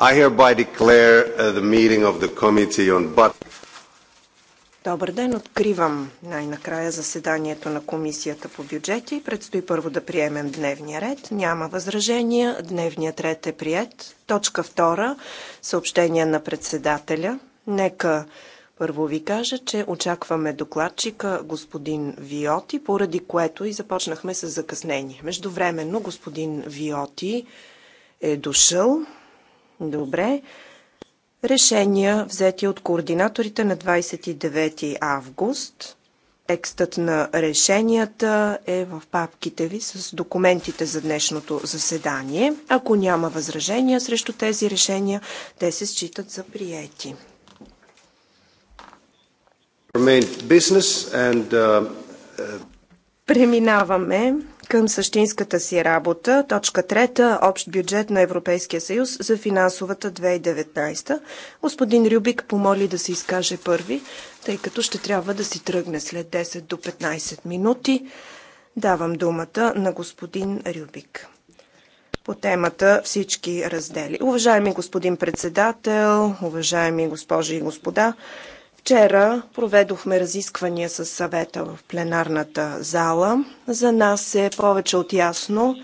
I hereby declare uh, the meeting of the Committee on Budget. Добър ден, откривам най-накрая заседанието на Комисията по бюджети. Предстои първо да приемем дневния ред. Няма възражения. Дневният ред е прият. Точка втора. Съобщение на председателя. Нека първо ви кажа, че очакваме докладчика господин Виоти, поради което и започнахме с закъснение. Междувременно господин Виоти е дошъл. Добре. Решения взети от координаторите на 29 август. Текстът на решенията е в папките ви с документите за днешното заседание. Ако няма възражения срещу тези решения, те се считат за приети. Преминаваме към същинската си работа. Точка трета – Общ бюджет на Европейския съюз за финансовата 2019. Господин Рюбик помоли да се изкаже първи, тъй като ще трябва да си тръгне след 10 до 15 минути. Давам думата на господин Рюбик по темата всички раздели. Уважаеми господин председател, уважаеми госпожи и господа, Вчера проведохме разисквания с съвета в пленарната зала. За нас е повече от ясно,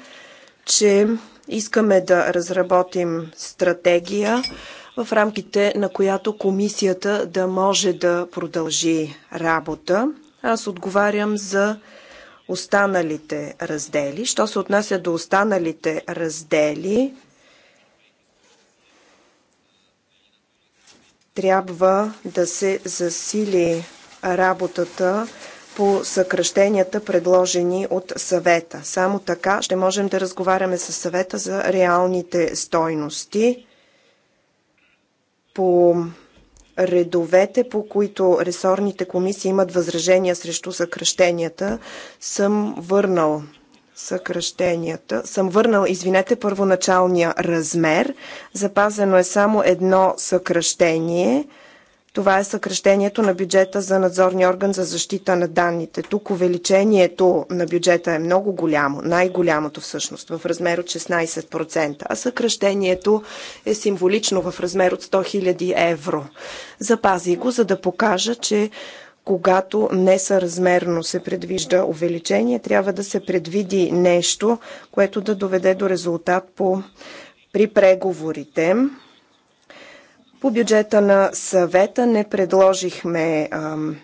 че искаме да разработим стратегия, в рамките на която комисията да може да продължи работа. Аз отговарям за останалите раздели. Що се отнася до останалите раздели, трябва да се засили работата по съкръщенията, предложени от съвета. Само така ще можем да разговаряме с съвета за реалните стойности по редовете, по които ресорните комисии имат възражения срещу съкръщенията, съм върнал съкръщенията. Съм върнал, извинете, първоначалния размер. Запазено е само едно съкръщение. Това е съкръщението на бюджета за надзорния орган за защита на данните. Тук увеличението на бюджета е много голямо, най-голямото всъщност, в размер от 16%, а съкръщението е символично в размер от 100 000 евро. Запази го, за да покажа, че когато несъразмерно се предвижда увеличение, трябва да се предвиди нещо, което да доведе до резултат по, при преговорите. По бюджета на съвета не предложихме ам,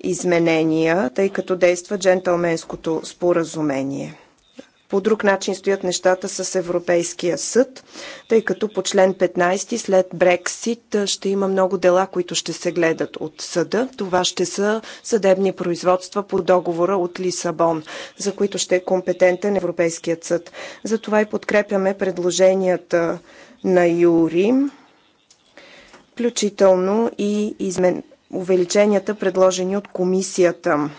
изменения, тъй като действа джентълменското споразумение по друг начин стоят нещата с Европейския съд, тъй като по член 15 след Брексит ще има много дела, които ще се гледат от съда. Това ще са съдебни производства по договора от Лисабон, за които ще е компетентен Европейският съд. Затова и подкрепяме предложенията на Юри, включително и измен... увеличенията, предложени от комисията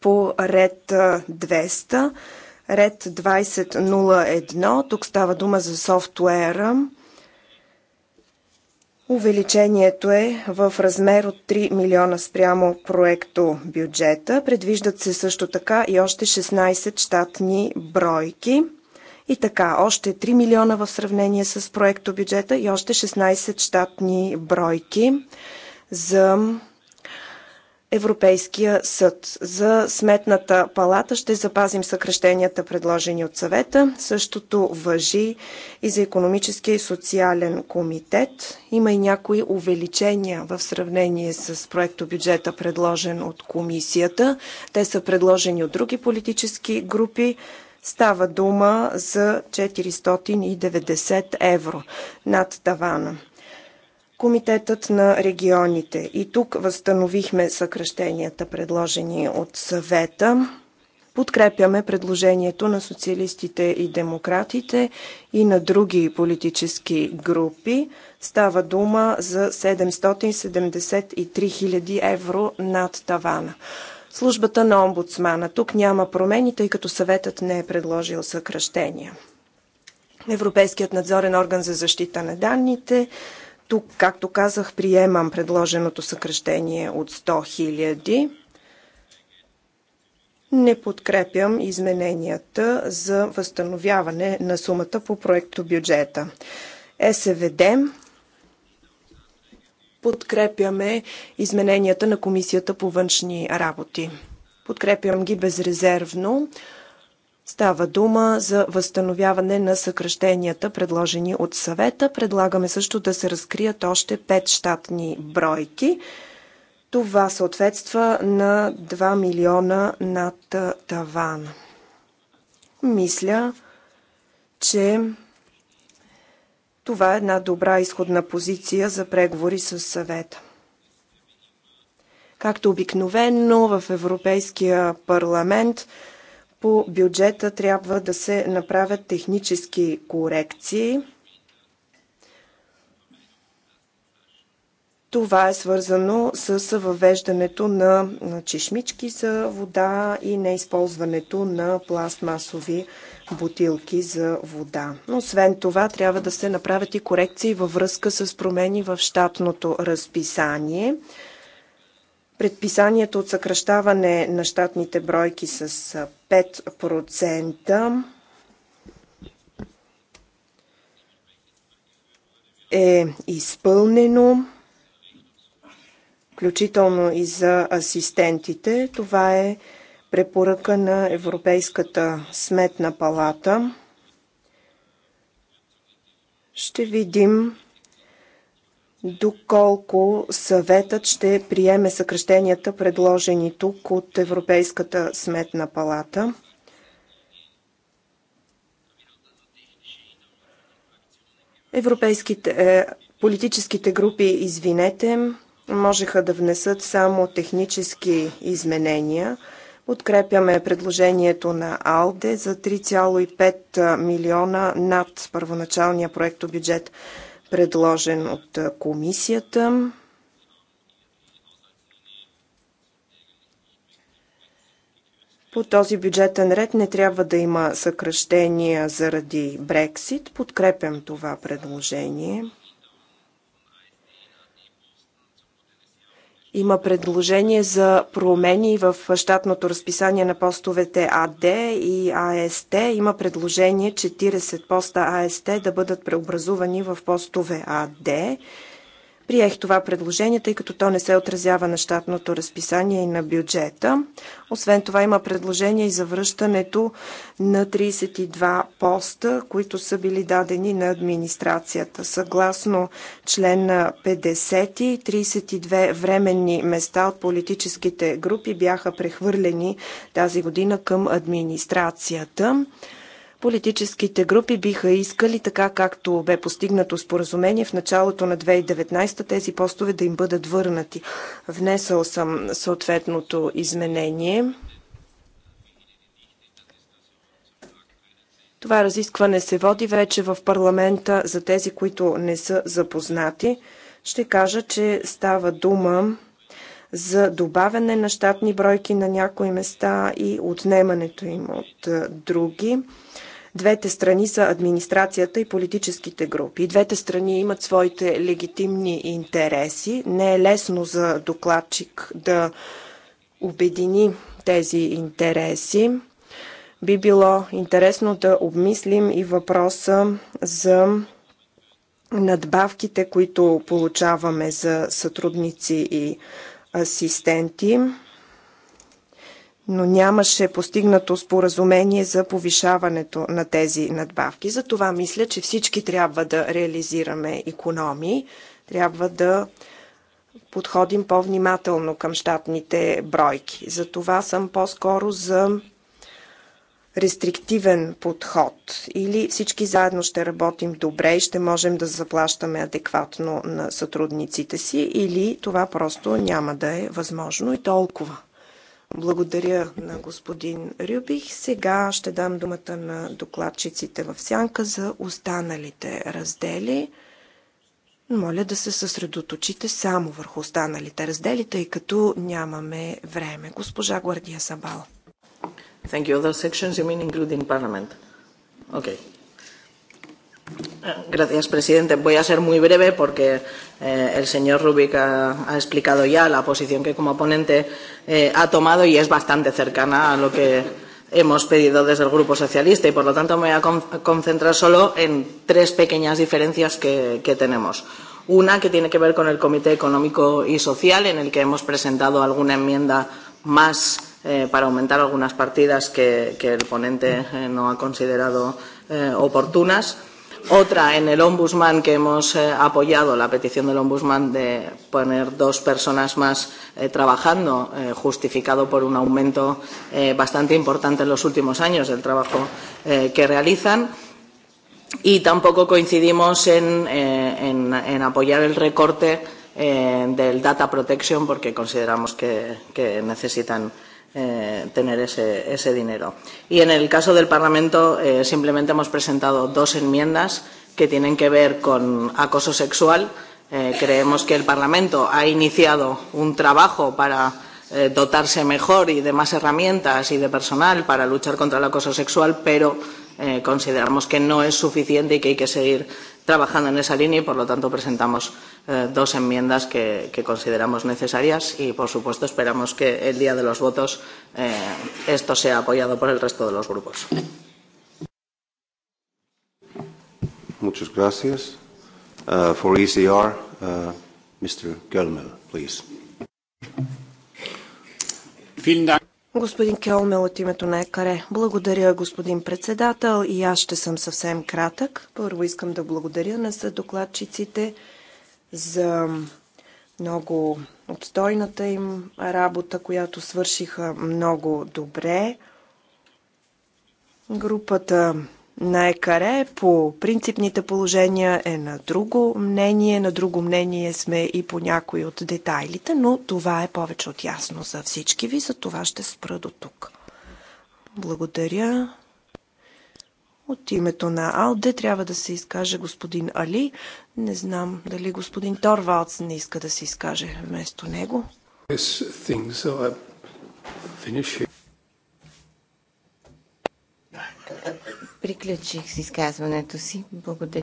по ред 200 ред 2001. Тук става дума за софтуера. Увеличението е в размер от 3 милиона спрямо проекто бюджета. Предвиждат се също така и още 16 щатни бройки. И така, още 3 милиона в сравнение с проекто бюджета и още 16 щатни бройки за Европейския съд. За сметната палата ще запазим съкрещенията, предложени от съвета. Същото въжи и за економическия и социален комитет. Има и някои увеличения в сравнение с проекто бюджета, предложен от комисията. Те са предложени от други политически групи. Става дума за 490 евро над тавана. Комитетът на регионите. И тук възстановихме съкръщенията, предложени от съвета. Подкрепяме предложението на социалистите и демократите и на други политически групи. Става дума за 773 000 евро над тавана. Службата на омбудсмана. Тук няма промени, тъй като съветът не е предложил съкръщения. Европейският надзорен орган за защита на данните тук, както казах, приемам предложеното съкръщение от 100 000. Не подкрепям измененията за възстановяване на сумата по проекто бюджета. СВД подкрепяме измененията на Комисията по външни работи. Подкрепям ги безрезервно. Става дума за възстановяване на съкръщенията, предложени от съвета. Предлагаме също да се разкрият още пет щатни бройки. Това съответства на 2 милиона над таван. Мисля, че това е една добра изходна позиция за преговори с съвета. Както обикновено в Европейския парламент – по бюджета трябва да се направят технически корекции. Това е свързано с въвеждането на чешмички за вода и неизползването на пластмасови бутилки за вода. Освен това, трябва да се направят и корекции във връзка с промени в щатното разписание. Предписанието от съкръщаване на щатните бройки с 5% е изпълнено, включително и за асистентите. Това е препоръка на Европейската сметна палата. Ще видим доколко съветът ще приеме съкръщенията, предложени тук от Европейската сметна палата. Европейските е, политическите групи, извинете, можеха да внесат само технически изменения. Подкрепяме предложението на АЛДЕ за 3,5 е, милиона над първоначалния проектобюджет бюджет предложен от комисията. По този бюджетен ред не трябва да има съкръщения заради Брексит. Подкрепям това предложение. Има предложение за промени в щатното разписание на постовете АД и АСТ. Има предложение 40 поста АСТ да бъдат преобразувани в постове АД. Приех това предложение, тъй като то не се отразява на щатното разписание и на бюджета. Освен това има предложение и за връщането на 32 поста, които са били дадени на администрацията. Съгласно член 50, 32 временни места от политическите групи бяха прехвърлени тази година към администрацията. Политическите групи биха искали, така както бе постигнато споразумение в началото на 2019, тези постове да им бъдат върнати. Внесъл съм съответното изменение. Това разискване се води вече в парламента за тези, които не са запознати. Ще кажа, че става дума за добавяне на щатни бройки на някои места и отнемането им от други. Двете страни са администрацията и политическите групи. Двете страни имат своите легитимни интереси. Не е лесно за докладчик да обедини тези интереси. Би било интересно да обмислим и въпроса за надбавките, които получаваме за сътрудници и асистенти но нямаше постигнато споразумение за повишаването на тези надбавки. Затова мисля, че всички трябва да реализираме економии, трябва да подходим по-внимателно към щатните бройки. Затова съм по-скоро за рестриктивен подход или всички заедно ще работим добре и ще можем да заплащаме адекватно на сътрудниците си или това просто няма да е възможно и толкова. Благодаря на господин Рюбих. Сега ще дам думата на докладчиците в сянка за останалите раздели. Моля да се съсредоточите само върху останалите раздели, тъй като нямаме време. Госпожа Гвардия Сабал. Thank you. Other sections you mean including parliament? Okay. Gracias, presidente. Voy a ser muy breve porque eh, el señor Rubik ha, ha explicado ya la posición que como ponente eh, ha tomado y es bastante cercana a lo que hemos pedido desde el Grupo Socialista y, por lo tanto, me voy a con concentrar solo en tres pequeñas diferencias que, que tenemos. Una que tiene que ver con el Comité Económico y Social, en el que hemos presentado alguna enmienda más eh, para aumentar algunas partidas que, que el ponente eh, no ha considerado eh, oportunas Otra en el Ombudsman que hemos eh, apoyado la petición del Ombudsman de poner dos personas más eh, trabajando, eh, justificado por un aumento eh, bastante importante en los últimos años del trabajo eh, que realizan. Y tampoco coincidimos en, eh, en, en apoyar el recorte eh, del data protection porque consideramos que, que necesitan eh, tener ese, ese dinero. Y en el caso del Parlamento, eh, simplemente hemos presentado dos enmiendas que tienen que ver con acoso sexual. Eh, creemos que el Parlamento ha iniciado un trabajo para eh, dotarse mejor y de más herramientas y de personal para luchar contra el acoso sexual, pero eh, consideramos que no es suficiente y que hay que seguir trabajando en esa línea y, por lo tanto, presentamos eh, dos enmiendas que, que consideramos necesarias y, por supuesto, esperamos que el día de los votos eh, esto sea apoyado por el resto de los grupos. Muchas gracias. Uh, for ECR, uh, Mr. Gelmel, please. Vielen Dank. Господин Келмел от името на ЕКАРЕ. Благодаря, господин председател. И аз ще съм съвсем кратък. Първо искам да благодаря на съдокладчиците за много отстойната им работа, която свършиха много добре. Групата на Екаре по принципните положения е на друго мнение. На друго мнение сме и по някои от детайлите, но това е повече от ясно за всички ви, за това ще спра до тук. Благодаря. От името на Алде трябва да се изкаже господин Али. Не знам дали господин Торвалц не иска да се изкаже вместо него. Thing, Приключих с изказването си. Благодаря.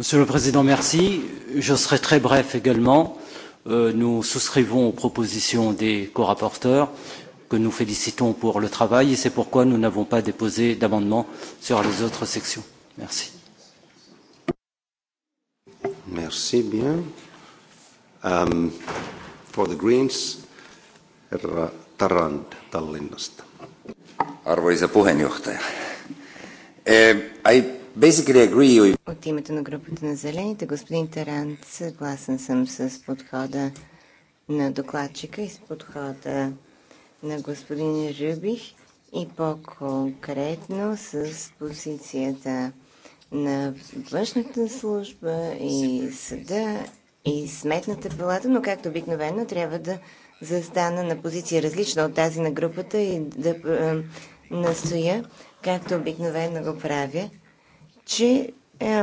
Monsieur le Président, merci. Je serai très bref également. Nous souscrivons aux propositions des co-rapporteurs que nous félicitons pour le travail et c'est pourquoi nous n'avons pas déposé d'amendement sur les autres sections. Merci. Merci bien. Um, for the Greens, herra Tarand Tallinnasta. Arvoisa puheenjohtaja, Uh, от името на групата на зелените, господин Тарант, съгласен съм с подхода на докладчика и с подхода на господин Рюбих и по-конкретно с позицията на външната служба и съда и сметната палата, но както обикновено трябва да застана на позиция различна от тази на групата и да настоя, както обикновено го правя, че е,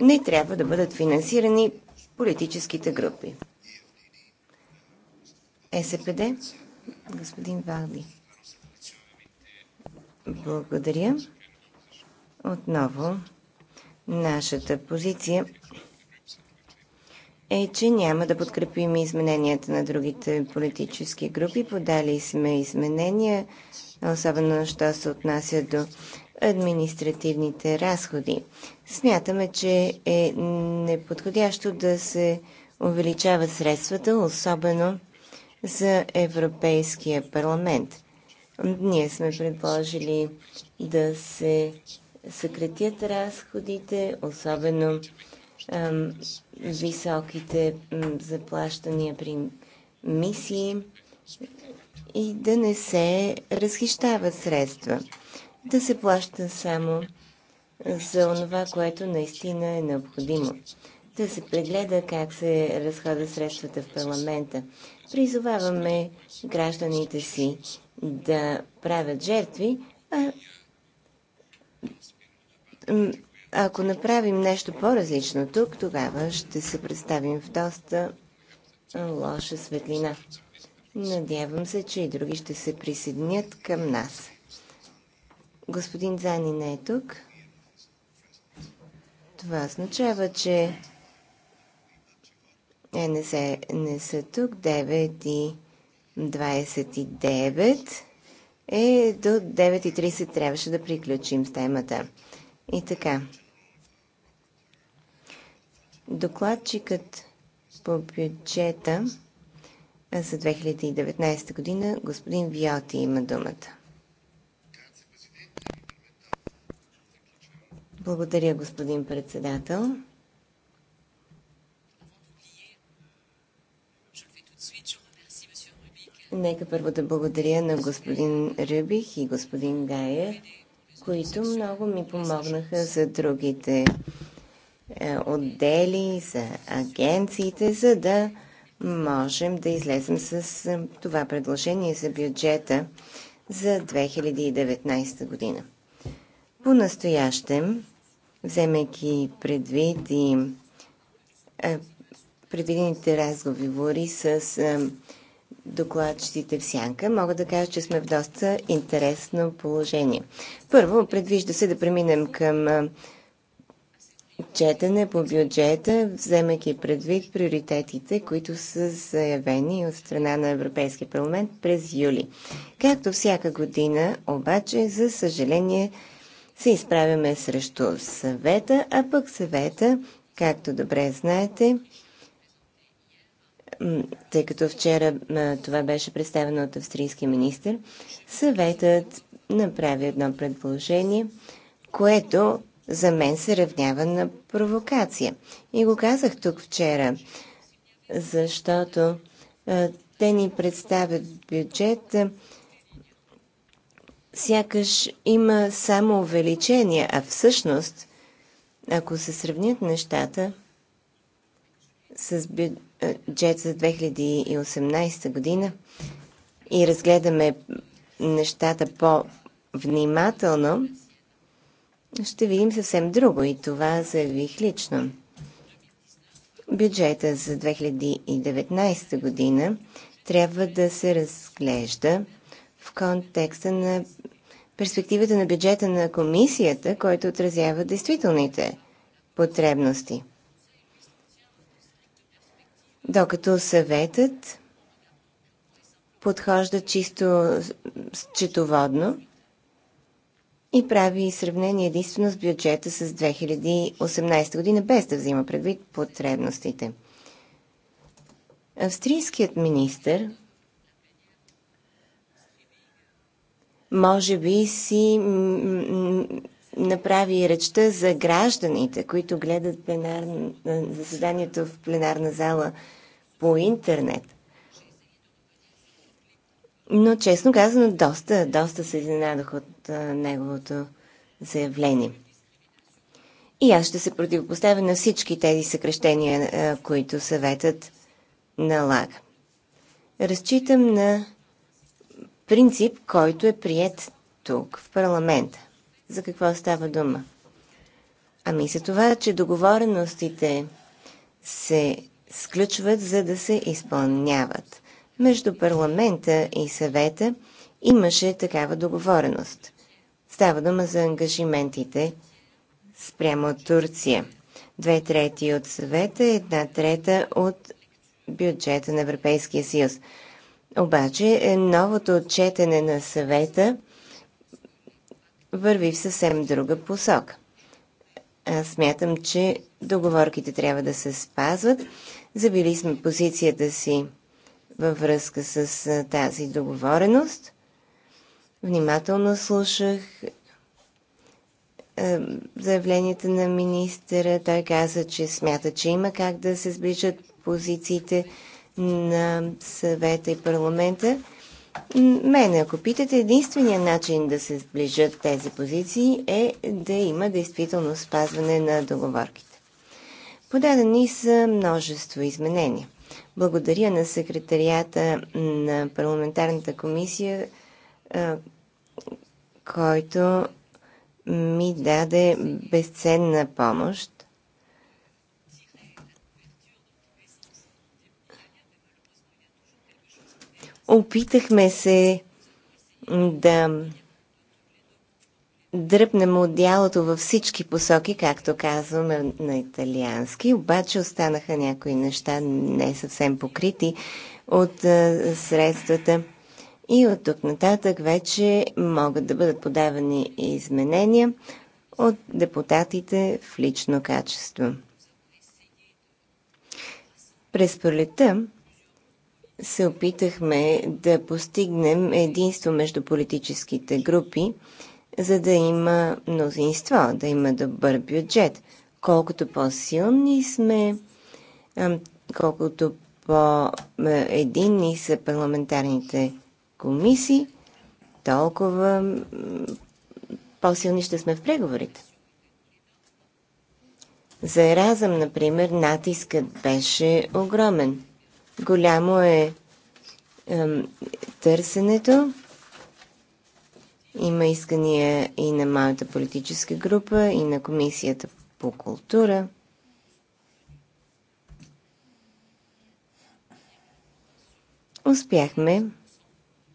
не трябва да бъдат финансирани политическите групи. Е СПД, господин Валди. Благодаря. Отново, нашата позиция е, че няма да подкрепим измененията на другите политически групи. Подали сме изменения особено що се отнася до административните разходи. Смятаме, че е неподходящо да се увеличават средствата, особено за Европейския парламент. Ние сме предложили да се съкратят разходите, особено ам, високите заплащания при мисии, и да не се разхищават средства. Да се плаща само за онова, което наистина е необходимо. Да се прегледа как се разхода средствата в парламента. Призоваваме гражданите си да правят жертви, а ако направим нещо по-различно тук, тогава ще се представим в доста лоша светлина. Надявам се, че и други ще се присъединят към нас. Господин Зани не е тук. Това означава, че е, не, се, не са тук. 9 и 29 е до 9.30 трябваше да приключим с темата. И така. Докладчикът по бюджета за 2019 година. Господин Виоти има думата. Благодаря, господин председател. Нека първо да благодаря на господин Рюбих и господин Гая, които много ми помогнаха за другите е, отдели, за агенциите, за да можем да излезем с е, това предложение за бюджета за 2019 година. По-настоящем, вземайки предвид и е, предвидените разговори с е, докладчиците в сянка, мога да кажа, че сме в доста интересно положение. Първо, предвижда се да преминем към четене по бюджета, вземайки предвид приоритетите, които са заявени от страна на Европейския парламент през юли. Както всяка година, обаче, за съжаление, се изправяме срещу съвета, а пък съвета, както добре знаете, тъй като вчера това беше представено от австрийски министр, съветът направи едно предложение, което за мен се равнява на провокация. И го казах тук вчера, защото а, те ни представят бюджет, а, сякаш има само увеличение, а всъщност, ако се сравнят нещата с бюджет за 2018 година и разгледаме нещата по-внимателно, ще видим съвсем друго и това заявих лично. Бюджета за 2019 година трябва да се разглежда в контекста на перспективата на бюджета на комисията, който отразява действителните потребности. Докато съветът подхожда чисто счетоводно и прави сравнение единствено с бюджета с 2018 година, без да взима предвид потребностите. Австрийският министр може би си направи речта за гражданите, които гледат пленар... заседанието в пленарна зала по интернет. Но честно казано, доста, доста се изненадах от неговото заявление. И аз ще се противопоставя на всички тези съкрещения, които съветът налага. Разчитам на принцип, който е прият тук, в парламента. За какво става дума? Ами за това, че договореностите се сключват, за да се изпълняват. Между парламента и съвета имаше такава договореност. Става дума за ангажиментите спрямо от Турция. Две трети от съвета, една трета от бюджета на Европейския съюз. Обаче е, новото отчетене на съвета върви в съвсем друга посока. Аз смятам, че договорките трябва да се спазват. Забили сме позицията си във връзка с тази договореност – Внимателно слушах е, заявленията на министъра. Той каза, че смята, че има как да се сближат позициите на съвета и парламента. Мене, ако питате, единствения начин да се сближат тези позиции е да има действително спазване на договорките. Подадени са множество изменения. Благодаря на секретарията на парламентарната комисия е, който ми даде безценна помощ. Опитахме се да дръпнем отдялото във всички посоки, както казваме на италиански, обаче останаха някои неща не съвсем покрити от е, средствата. И от тук нататък вече могат да бъдат подавани изменения от депутатите в лично качество. През пролета се опитахме да постигнем единство между политическите групи, за да има мнозинство, да има добър бюджет. Колкото по-силни сме, колкото по-единни е, са парламентарните комисии, толкова по-силни ще сме в преговорите. За Еразъм, например, натискът беше огромен. Голямо е, е търсенето. Има искания и на моята политическа група, и на Комисията по култура. Успяхме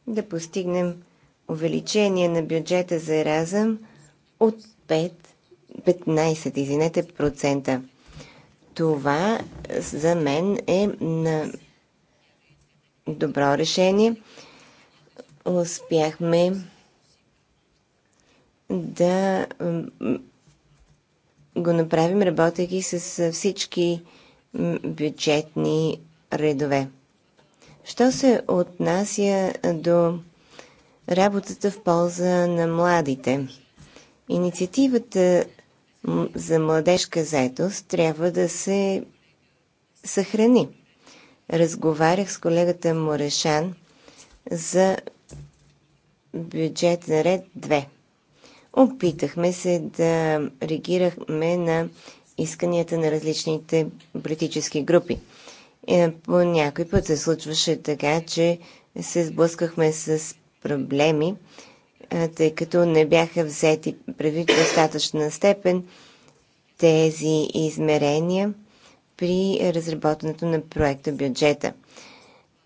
да постигнем увеличение на бюджета за разъм от 5, 15, извинете, процента. Това за мен е на добро решение. Успяхме да го направим, работейки с всички бюджетни редове. Що се отнася до работата в полза на младите? Инициативата за младежка заетост трябва да се съхрани. Разговарях с колегата Морешан за бюджет на ред 2. Опитахме се да реагирахме на исканията на различните политически групи. Е, по някой път се случваше така, че се сблъскахме с проблеми, тъй като не бяха взети предвид достатъчна степен тези измерения при разработването на проекта бюджета.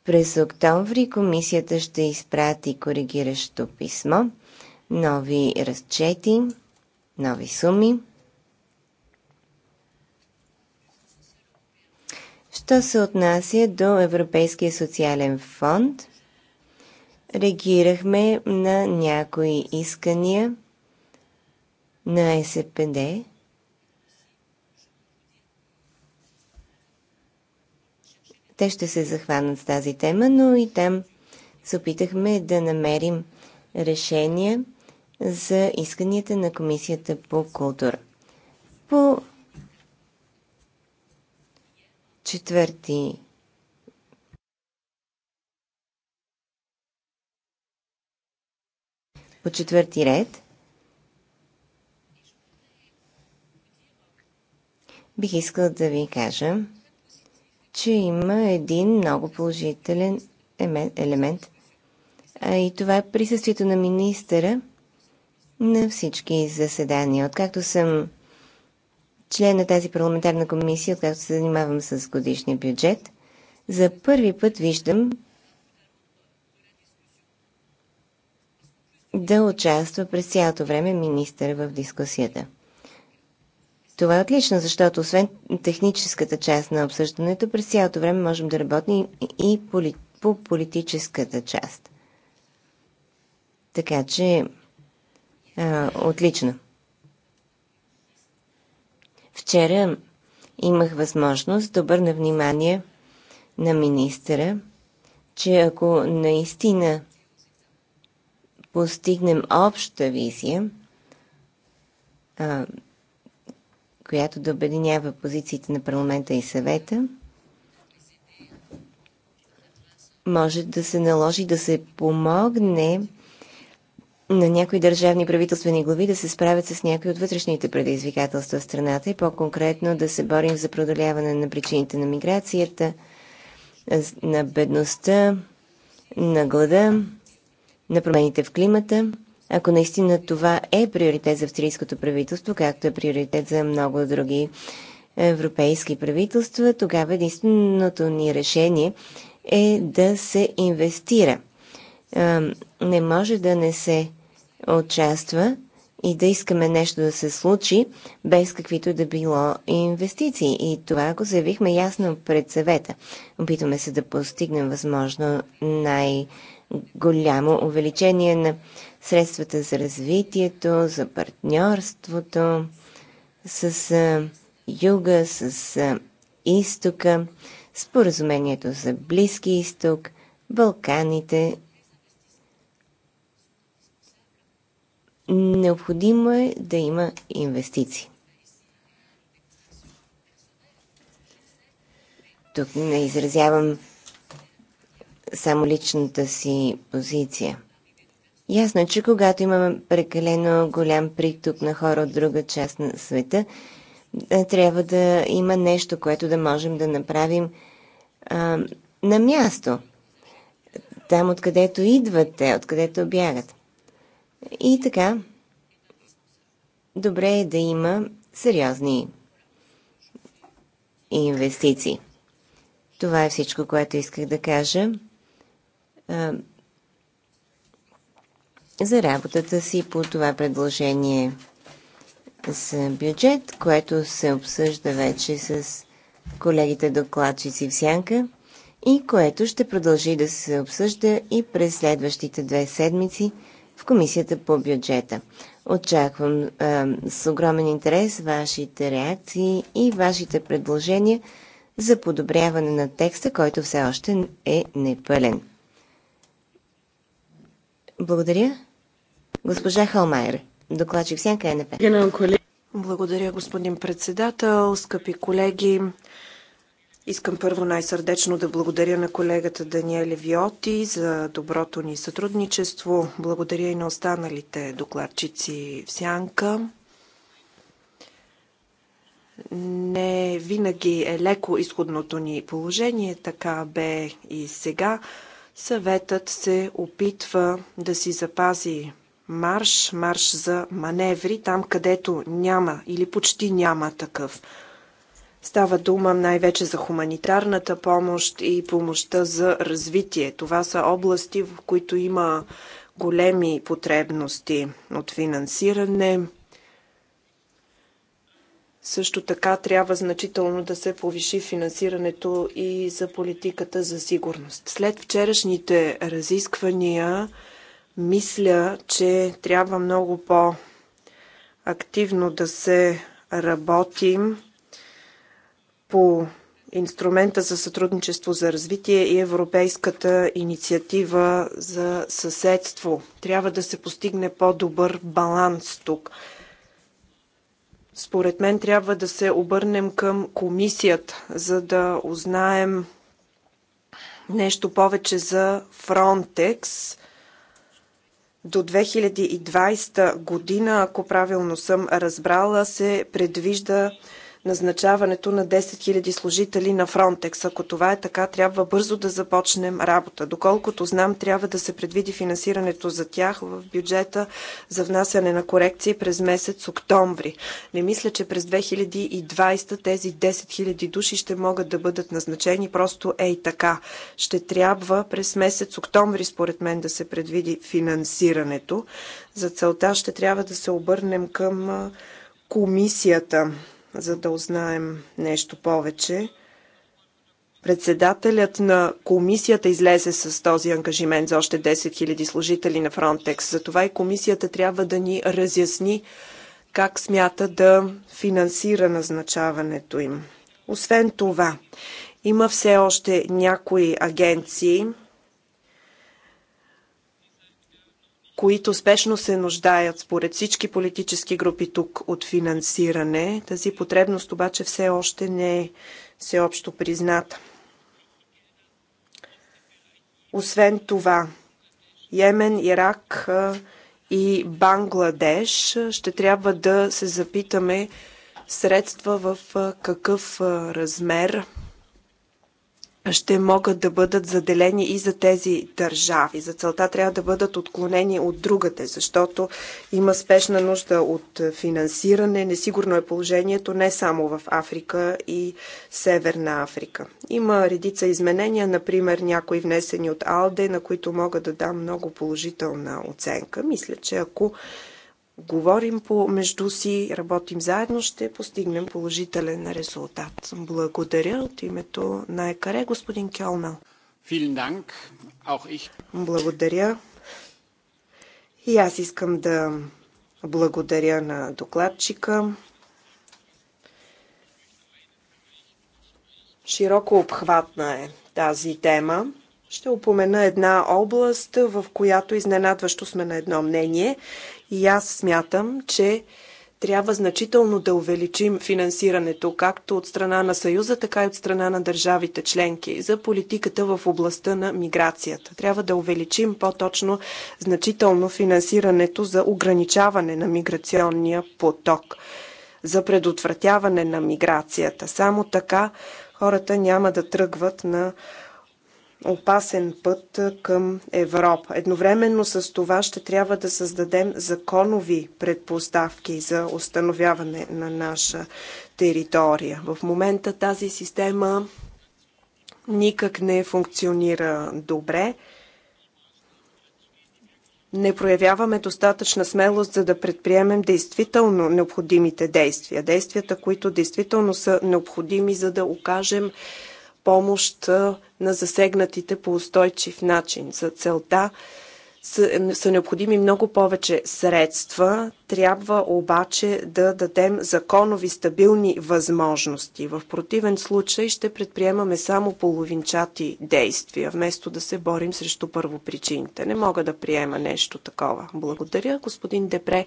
През октомври комисията ще изпрати коригиращо писмо, нови разчети, нови суми – Що се отнася до Европейския социален фонд, реагирахме на някои искания на СПД. Те ще се захванат с тази тема, но и там се опитахме да намерим решение за исканията на Комисията по култура. По четвърти по четвърти ред. Бих искал да ви кажа, че има един много положителен елемент, а и това е присъствието на министъра на всички заседания. Откакто съм член на тази парламентарна комисия, откакто се занимавам с годишния бюджет, за първи път виждам да участва през цялото време министър в дискусията. Това е отлично, защото освен техническата част на обсъждането, през цялото време можем да работим и по политическата част. Така че, а, отлично. Вчера имах възможност да обърна внимание на министъра, че ако наистина постигнем обща визия, а, която да обединява позициите на парламента и съвета, може да се наложи да се помогне на някои държавни правителствени глави да се справят с някои от вътрешните предизвикателства в страната и по-конкретно да се борим за продоляване на причините на миграцията, на бедността, на глада, на промените в климата. Ако наистина това е приоритет за австрийското правителство, както е приоритет за много други европейски правителства, тогава единственото ни решение е да се инвестира. Не може да не се участва и да искаме нещо да се случи без каквито да било инвестиции. И това го заявихме ясно пред съвета. Опитваме се да постигнем възможно най-голямо увеличение на средствата за развитието, за партньорството с а, юга, с а, изтока, споразумението за Близки изток, Балканите необходимо е да има инвестиции. Тук не изразявам само личната си позиция. Ясно е, че когато имаме прекалено голям приток на хора от друга част на света, е, трябва да има нещо, което да можем да направим а, на място. Там, откъдето идват те, откъдето бягат. И така, добре е да има сериозни инвестиции. Това е всичко, което исках да кажа а, за работата си по това предложение с бюджет, което се обсъжда вече с колегите докладчици в Сянка и което ще продължи да се обсъжда и през следващите две седмици – в Комисията по бюджета. Очаквам а, с огромен интерес вашите реакции и вашите предложения за подобряване на текста, който все още е непълен. Благодаря. Госпожа Халмайер, докладчик Сянка НП. Е. Благодаря, господин председател, скъпи колеги. Искам първо най-сърдечно да благодаря на колегата Даниеле Виоти за доброто ни сътрудничество. Благодаря и на останалите докладчици в Сянка. Не винаги е леко изходното ни положение, така бе и сега. Съветът се опитва да си запази марш, марш за маневри, там където няма или почти няма такъв. Става дума най-вече за хуманитарната помощ и помощта за развитие. Това са области, в които има големи потребности от финансиране. Също така трябва значително да се повиши финансирането и за политиката за сигурност. След вчерашните разисквания, мисля, че трябва много по-активно да се работим по инструмента за сътрудничество за развитие и Европейската инициатива за съседство. Трябва да се постигне по-добър баланс тук. Според мен трябва да се обърнем към комисията, за да узнаем нещо повече за Фронтекс. До 2020 година, ако правилно съм разбрала, се предвижда назначаването на 10 000 служители на Фронтекс. Ако това е така, трябва бързо да започнем работа. Доколкото знам, трябва да се предвиди финансирането за тях в бюджета за внасяне на корекции през месец октомври. Не мисля, че през 2020 тези 10 000 души ще могат да бъдат назначени просто ей така. Ще трябва през месец октомври, според мен, да се предвиди финансирането. За целта ще трябва да се обърнем към комисията за да узнаем нещо повече. Председателят на комисията излезе с този ангажимент за още 10 000 служители на Фронтекс. Затова и комисията трябва да ни разясни как смята да финансира назначаването им. Освен това, има все още някои агенции, които спешно се нуждаят според всички политически групи тук от финансиране. Тази потребност обаче все още не е всеобщо призната. Освен това, Йемен, Ирак и Бангладеш ще трябва да се запитаме средства в какъв размер ще могат да бъдат заделени и за тези държави. За целта трябва да бъдат отклонени от другата, защото има спешна нужда от финансиране. Несигурно е положението не само в Африка и Северна Африка. Има редица изменения, например някои внесени от Алде, на които мога да дам много положителна оценка. Мисля, че ако говорим помежду си, работим заедно, ще постигнем положителен резултат. Благодаря от името на ЕКАРЕ, господин Кьолна. Благодаря. И аз искам да благодаря на докладчика. Широко обхватна е тази тема. Ще упомена една област, в която изненадващо сме на едно мнение и аз смятам, че трябва значително да увеличим финансирането, както от страна на Съюза, така и от страна на държавите членки за политиката в областта на миграцията. Трябва да увеличим по-точно значително финансирането за ограничаване на миграционния поток, за предотвратяване на миграцията. Само така хората няма да тръгват на опасен път към Европа. Едновременно с това ще трябва да създадем законови предпоставки за установяване на наша територия. В момента тази система никак не функционира добре. Не проявяваме достатъчна смелост, за да предприемем действително необходимите действия. Действията, които действително са необходими, за да окажем помощ на засегнатите по устойчив начин. За целта са, са необходими много повече средства. Трябва обаче да дадем законови стабилни възможности. В противен случай ще предприемаме само половинчати действия, вместо да се борим срещу първопричините. Не мога да приема нещо такова. Благодаря. Господин Депре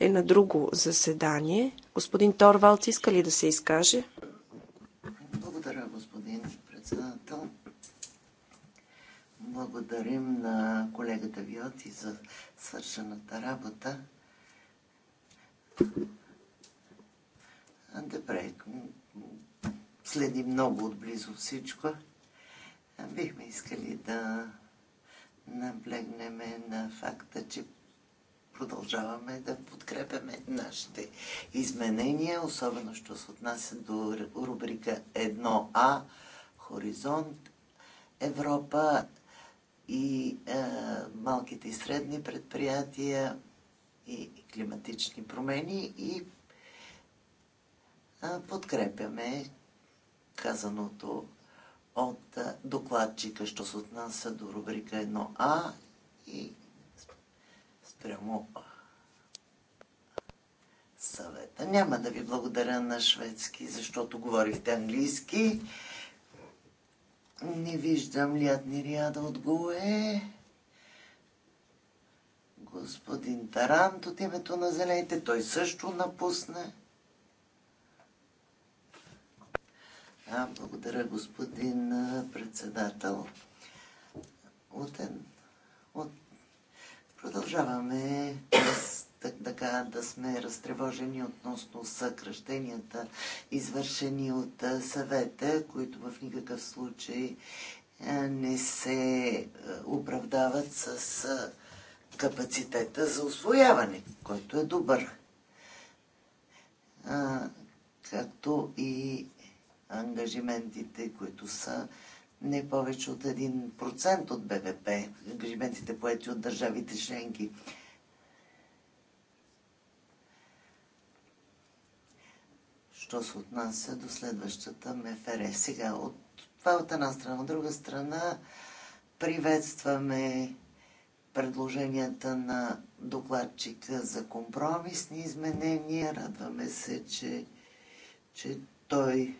е на друго заседание. Господин Торвалц иска ли да се изкаже? Благодаря, господин председател. Благодарим на колегата Виоти за свършената работа. Добре, следи много отблизо всичко. Бихме искали да наблегнем на факта, че продължаваме да подкрепяме нашите изменения, особено що се отнася до рубрика 1А Хоризонт Европа и е, малките и средни предприятия и, климатични промени и е, подкрепяме казаното от е, докладчика, що се отнася до рубрика 1А и спрямо съвета. Няма да ви благодаря на шведски, защото говорихте английски. Не виждам лятни ряда от ГУЕ. Господин Тарант от името на зелените, той също напусна. А, благодаря, господин председател. От, От... Продължаваме с така да сме разтревожени относно съкръщенията, извършени от съвета, които в никакъв случай не се оправдават с капацитета за освояване, който е добър. Както и ангажиментите, които са не повече от 1% от БВП, ангажиментите поети от държавите членки. що се отнася до следващата МФР. Сега, от това от една страна. От друга страна, приветстваме предложенията на докладчика за компромисни изменения. Радваме се, че, че той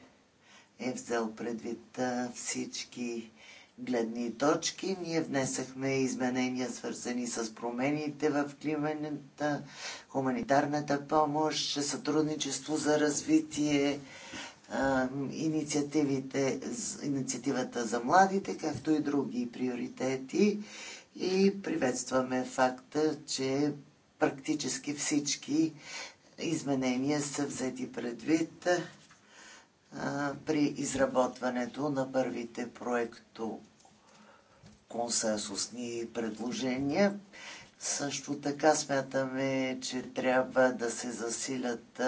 е взел предвид всички гледни точки. Ние внесахме изменения, свързани с промените в климата, хуманитарната помощ, сътрудничество за развитие, инициативите, инициативата за младите, както и други приоритети. И приветстваме факта, че практически всички изменения са взети предвид при изработването на първите проекто консенсусни предложения. Също така смятаме, че трябва да се засилят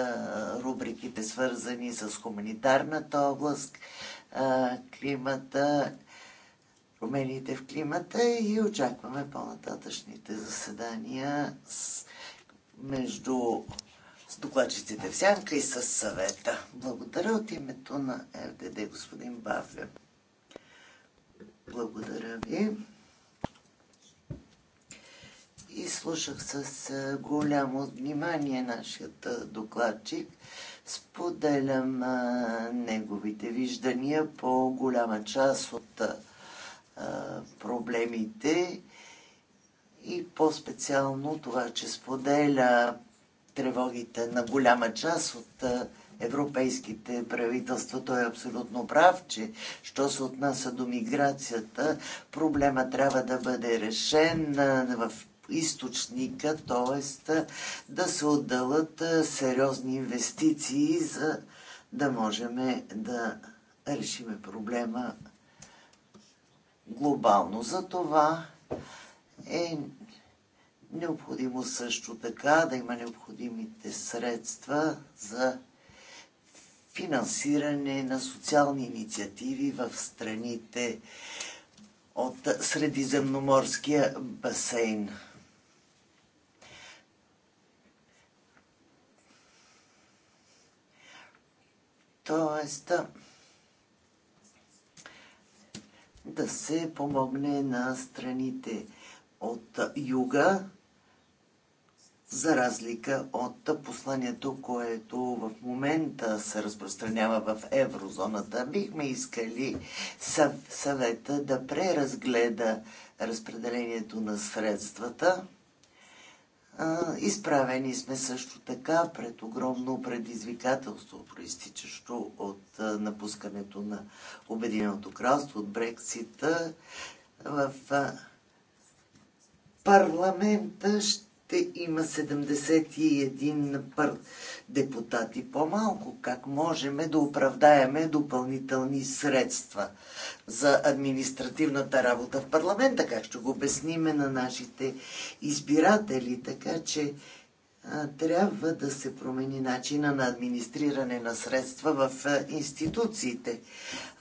рубриките свързани с хуманитарната област, климата, промените в климата и очакваме по-нататъчните заседания с, между с докладчиците в Сянка и с съвета. Благодаря от името на РДД господин Бавлев. Благодаря ви. И слушах с голямо внимание нашият докладчик. Споделям неговите виждания по голяма част от проблемите и по-специално това, че споделя тревогите на голяма част от европейските правителства. Той е абсолютно прав, че що се отнася до миграцията, проблема трябва да бъде решен в източника, т.е. да се отдалат сериозни инвестиции, за да можем е, да решим проблема глобално. За това е необходимо също така да има необходимите средства за финансиране на социални инициативи в страните от Средиземноморския басейн. Тоест да, се помогне на страните от юга за разлика от посланието, което в момента се разпространява в еврозоната. Бихме искали съвета да преразгледа разпределението на средствата. Изправени сме също така пред огромно предизвикателство, проистичащо от напускането на Обединеното кралство, от Брексита. В парламента ще ще има 71 пър депутати по-малко. Как можем да оправдаеме допълнителни средства за административната работа в парламента? Как ще го обясниме на нашите избиратели? Така че трябва да се промени начина на администриране на средства в институциите.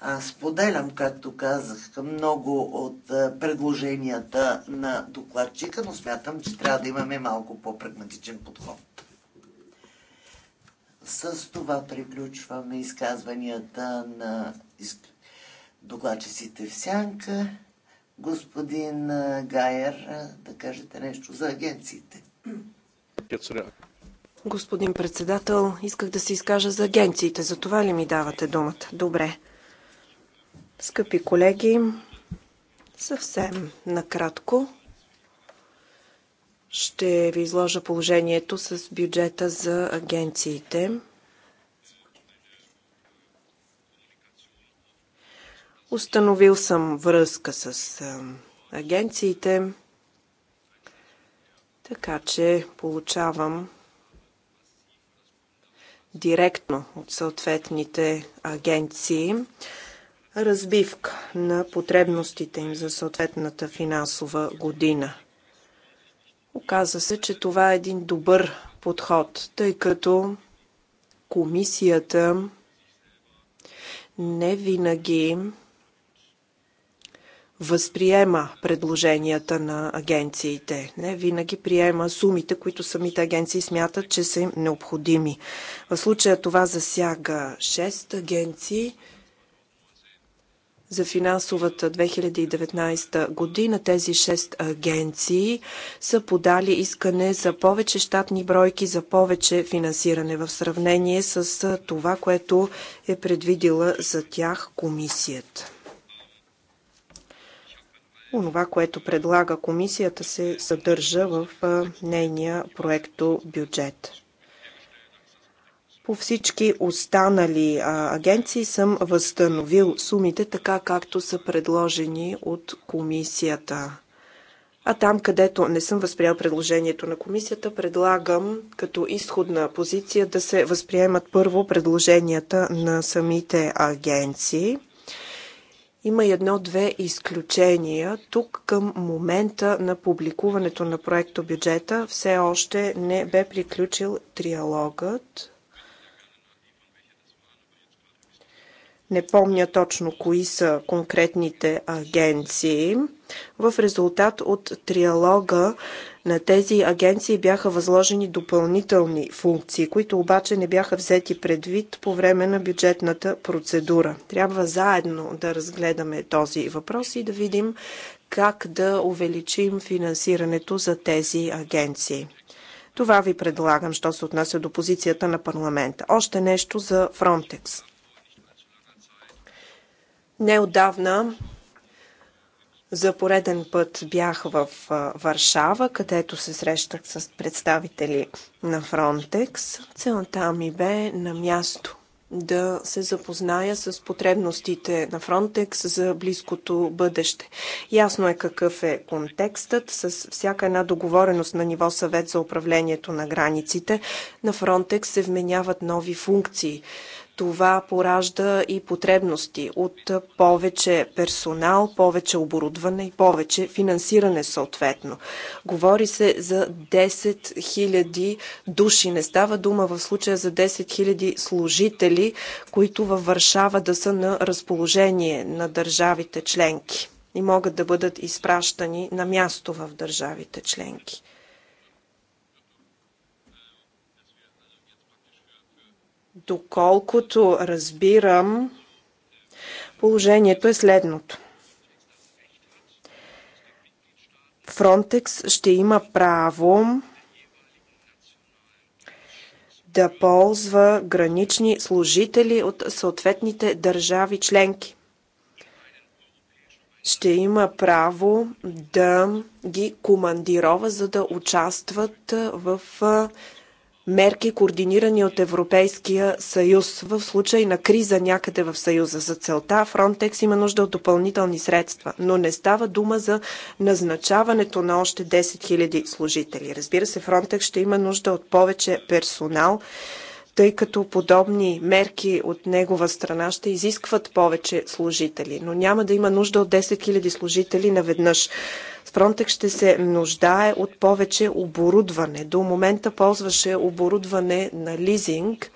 Аз споделям, както казах, много от предложенията на докладчика, но смятам, че трябва да имаме малко по-прагматичен подход. С това приключваме изказванията на докладчиците в сянка. Господин Гайер, да кажете нещо за агенциите. Господин председател, исках да се изкажа за агенциите. За това ли ми давате думата? Добре. Скъпи колеги, съвсем накратко ще ви изложа положението с бюджета за агенциите. Установил съм връзка с агенциите. Така че получавам директно от съответните агенции разбивка на потребностите им за съответната финансова година. Оказва се, че това е един добър подход, тъй като комисията не винаги възприема предложенията на агенциите. Не винаги приема сумите, които самите агенции смятат, че са им необходими. В случая това засяга 6 агенции за финансовата 2019 година тези 6 агенции са подали искане за повече щатни бройки, за повече финансиране в сравнение с това, което е предвидила за тях комисията. Онова, което предлага комисията, се съдържа в нейния проекто бюджет. По всички останали агенции съм възстановил сумите така, както са предложени от комисията. А там, където не съм възприял предложението на комисията, предлагам като изходна позиция да се възприемат първо предложенията на самите агенции – има едно-две изключения. Тук към момента на публикуването на проекто бюджета все още не бе приключил триалогът. не помня точно кои са конкретните агенции. В резултат от триалога на тези агенции бяха възложени допълнителни функции, които обаче не бяха взети предвид по време на бюджетната процедура. Трябва заедно да разгледаме този въпрос и да видим как да увеличим финансирането за тези агенции. Това ви предлагам, що се отнася до позицията на парламента. Още нещо за Фронтекс. Неодавна за пореден път бях в Варшава, където се срещах с представители на Фронтекс. Целта ми бе на място да се запозная с потребностите на Фронтекс за близкото бъдеще. Ясно е какъв е контекстът. С всяка една договореност на ниво съвет за управлението на границите на Фронтекс се вменяват нови функции – това поражда и потребности от повече персонал, повече оборудване и повече финансиране съответно. Говори се за 10 000 души. Не става дума в случая за 10 000 служители, които във Варшава да са на разположение на държавите членки и могат да бъдат изпращани на място в държавите членки. Доколкото разбирам, положението е следното. Фронтекс ще има право да ползва гранични служители от съответните държави членки. Ще има право да ги командирова, за да участват в мерки, координирани от Европейския съюз. В случай на криза някъде в съюза за целта, Фронтекс има нужда от допълнителни средства, но не става дума за назначаването на още 10 000 служители. Разбира се, Фронтекс ще има нужда от повече персонал, тъй като подобни мерки от негова страна ще изискват повече служители, но няма да има нужда от 10 000 служители наведнъж. Фронтек ще се нуждае от повече оборудване. До момента ползваше оборудване на лизинг,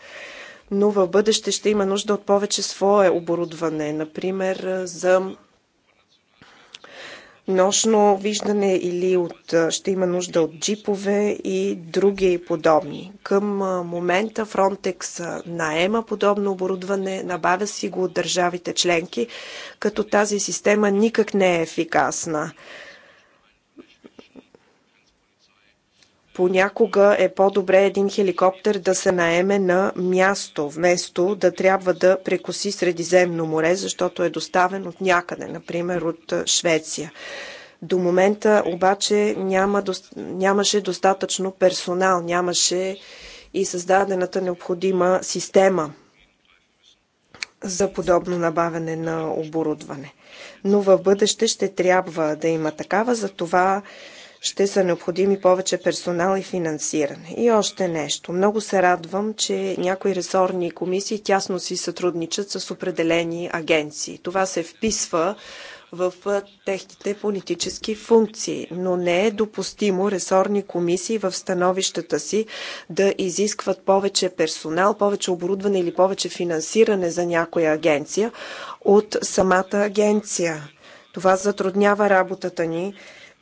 но в бъдеще ще има нужда от повече свое оборудване, например за нощно виждане или от, ще има нужда от джипове и други подобни. Към момента Фронтекс наема подобно оборудване, набавя си го от държавите членки, като тази система никак не е ефикасна. Понякога е по-добре един хеликоптер да се наеме на място, вместо да трябва да прекоси Средиземно море, защото е доставен от някъде, например от Швеция. До момента обаче няма, нямаше достатъчно персонал, нямаше и създадената необходима система за подобно набавяне на оборудване. Но в бъдеще ще трябва да има такава, затова това ще са необходими повече персонал и финансиране. И още нещо. Много се радвам, че някои ресорни комисии тясно си сътрудничат с определени агенции. Това се вписва в техните политически функции, но не е допустимо ресорни комисии в становищата си да изискват повече персонал, повече оборудване или повече финансиране за някоя агенция от самата агенция. Това затруднява работата ни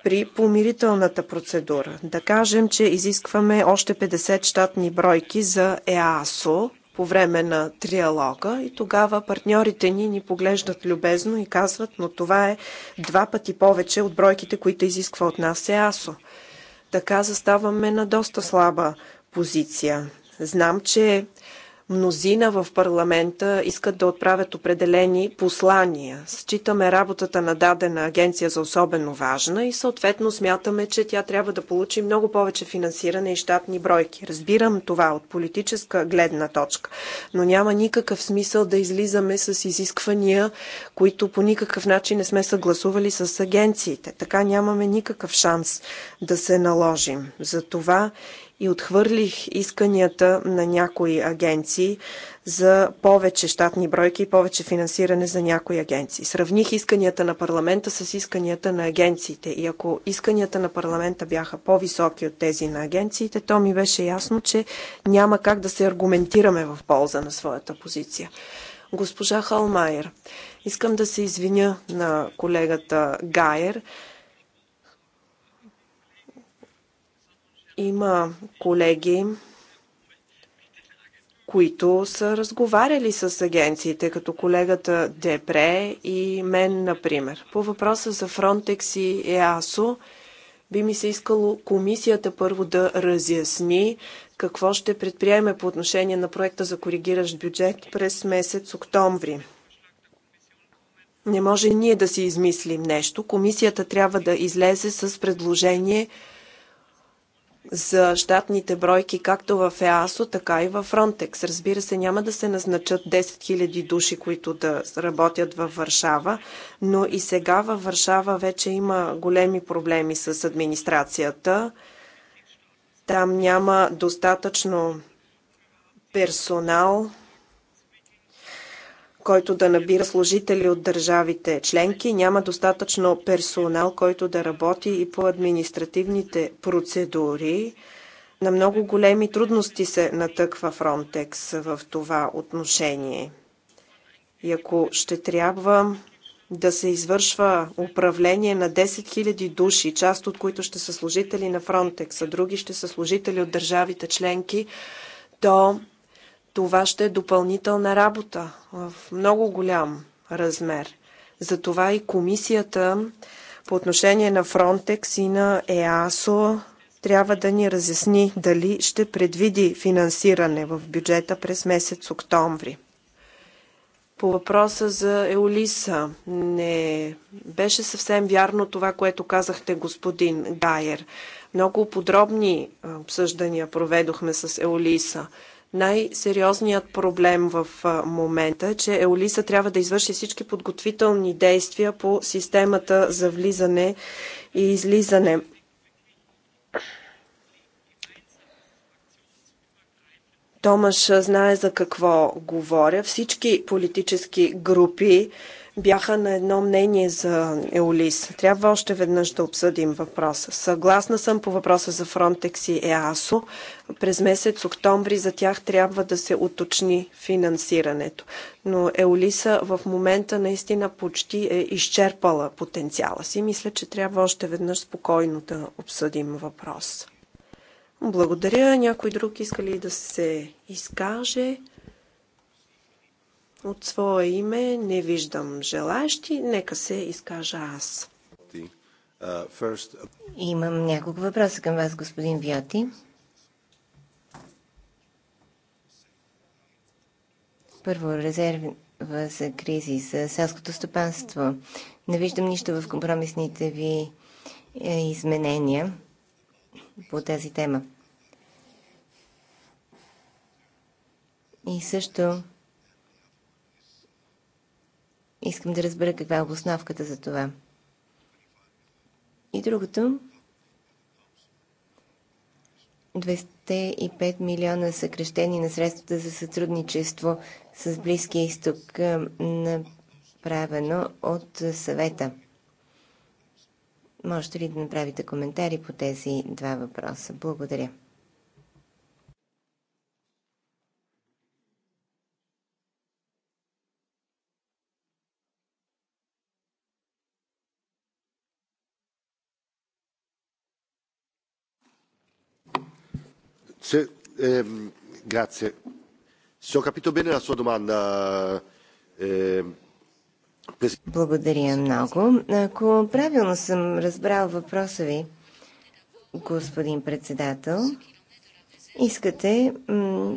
при помирителната процедура. Да кажем, че изискваме още 50 щатни бройки за ЕАСО по време на триалога и тогава партньорите ни ни поглеждат любезно и казват, но това е два пъти повече от бройките, които изисква от нас ЕАСО. Така заставаме на доста слаба позиция. Знам, че мнозина в парламента искат да отправят определени послания. Считаме работата на дадена агенция за особено важна и съответно смятаме, че тя трябва да получи много повече финансиране и щатни бройки. Разбирам това от политическа гледна точка, но няма никакъв смисъл да излизаме с изисквания, които по никакъв начин не сме съгласували с агенциите. Така нямаме никакъв шанс да се наложим. За това и отхвърлих исканията на някои агенции за повече щатни бройки и повече финансиране за някои агенции. Сравних исканията на парламента с исканията на агенциите и ако исканията на парламента бяха по-високи от тези на агенциите, то ми беше ясно, че няма как да се аргументираме в полза на своята позиция. Госпожа Халмайер, искам да се извиня на колегата Гайер, Има колеги, които са разговаряли с агенциите, като колегата Депре и мен, например. По въпроса за Фронтекс и ЕАСО, би ми се искало комисията първо да разясни какво ще предприеме по отношение на проекта за коригиращ бюджет през месец октомври. Не може ние да си измислим нещо. Комисията трябва да излезе с предложение – за щатните бройки както в ЕАСО, така и в Фронтекс. Разбира се, няма да се назначат 10 000 души, които да работят във Варшава, но и сега във Варшава вече има големи проблеми с администрацията. Там няма достатъчно персонал, който да набира служители от държавите членки, няма достатъчно персонал, който да работи и по административните процедури. На много големи трудности се натъква Фронтекс в това отношение. И ако ще трябва да се извършва управление на 10 000 души, част от които ще са служители на Фронтекс, а други ще са служители от държавите членки, то това ще е допълнителна работа в много голям размер. Затова и комисията по отношение на Фронтекс и на ЕАСО трябва да ни разясни дали ще предвиди финансиране в бюджета през месец октомври. По въпроса за Еолиса, не беше съвсем вярно това, което казахте господин Гайер. Много подробни обсъждания проведохме с Еолиса. Най-сериозният проблем в момента е, че Еолиса трябва да извърши всички подготвителни действия по системата за влизане и излизане. Томаш знае за какво говоря. Всички политически групи бяха на едно мнение за Еолис. Трябва още веднъж да обсъдим въпроса. Съгласна съм по въпроса за Фронтекс и ЕАСО. През месец октомври за тях трябва да се уточни финансирането. Но Еолиса в момента наистина почти е изчерпала потенциала си. Мисля, че трябва още веднъж спокойно да обсъдим въпрос. Благодаря. Някой друг иска ли да се изкаже? От свое име не виждам желащи. Нека се изкажа аз. Имам няколко въпроса към вас, господин Виоти. Първо, резерва за кризи, за селското стопанство. Не виждам нищо в компромисните ви е, изменения по тази тема. И също Искам да разбера каква е обосновката за това. И другото. 205 милиона съкрещени на средствата за сътрудничество с Близкия изток, направено от съвета. Можете ли да направите коментари по тези два въпроса? Благодаря. Ehm, grazie. Se ho capito bene la sua domanda, ehm, благодаря много. Ако правилно съм разбрал въпроса ви, господин председател, искате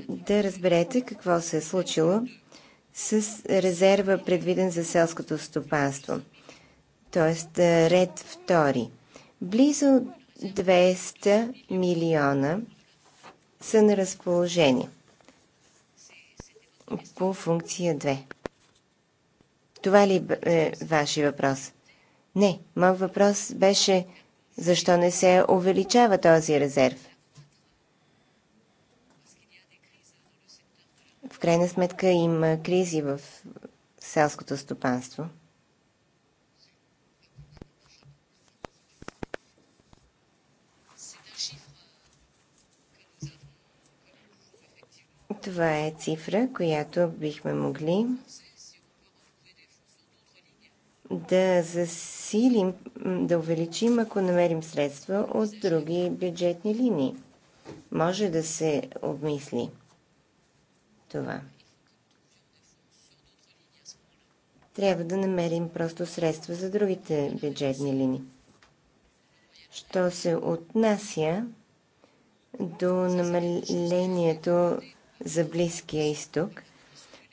да разберете какво се е случило с резерва, предвиден за селското стопанство. Т.е. ред втори. Близо 200 милиона са на разположение по функция 2. Това ли е вашия въпрос? Не, моят въпрос беше защо не се увеличава този резерв? В крайна сметка има кризи в селското стопанство. Това е цифра, която бихме могли да засилим, да увеличим, ако намерим средства от други бюджетни линии. Може да се обмисли това. Трябва да намерим просто средства за другите бюджетни линии. Що се отнася до намалението за Близкия изток.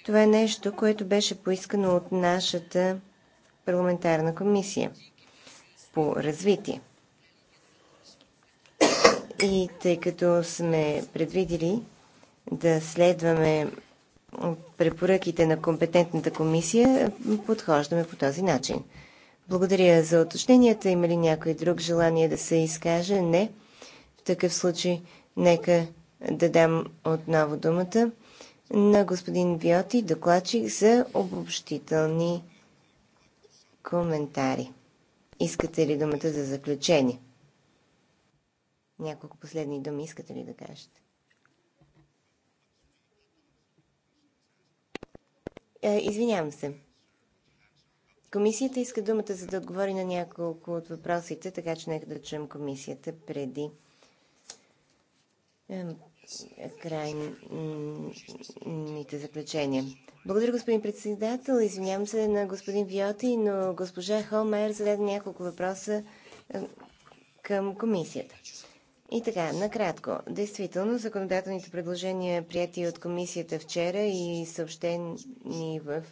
Това е нещо, което беше поискано от нашата парламентарна комисия по развитие. И тъй като сме предвидили да следваме препоръките на компетентната комисия, подхождаме по този начин. Благодаря за уточненията. Има ли някой друг желание да се изкаже? Не. В такъв случай, нека да дам отново думата на господин Виоти, докладчик за обобщителни коментари. Искате ли думата за заключение? Няколко последни думи искате ли да кажете? Е, извинявам се. Комисията иска думата, за да отговори на няколко от въпросите, така че нека да чуем комисията преди крайните заключения. Благодаря, господин председател. Извинявам се на господин Виоти, но госпожа Холмайер зададе няколко въпроса е, към комисията. И така, накратко. Действително, законодателните предложения, прияти от комисията вчера и съобщени в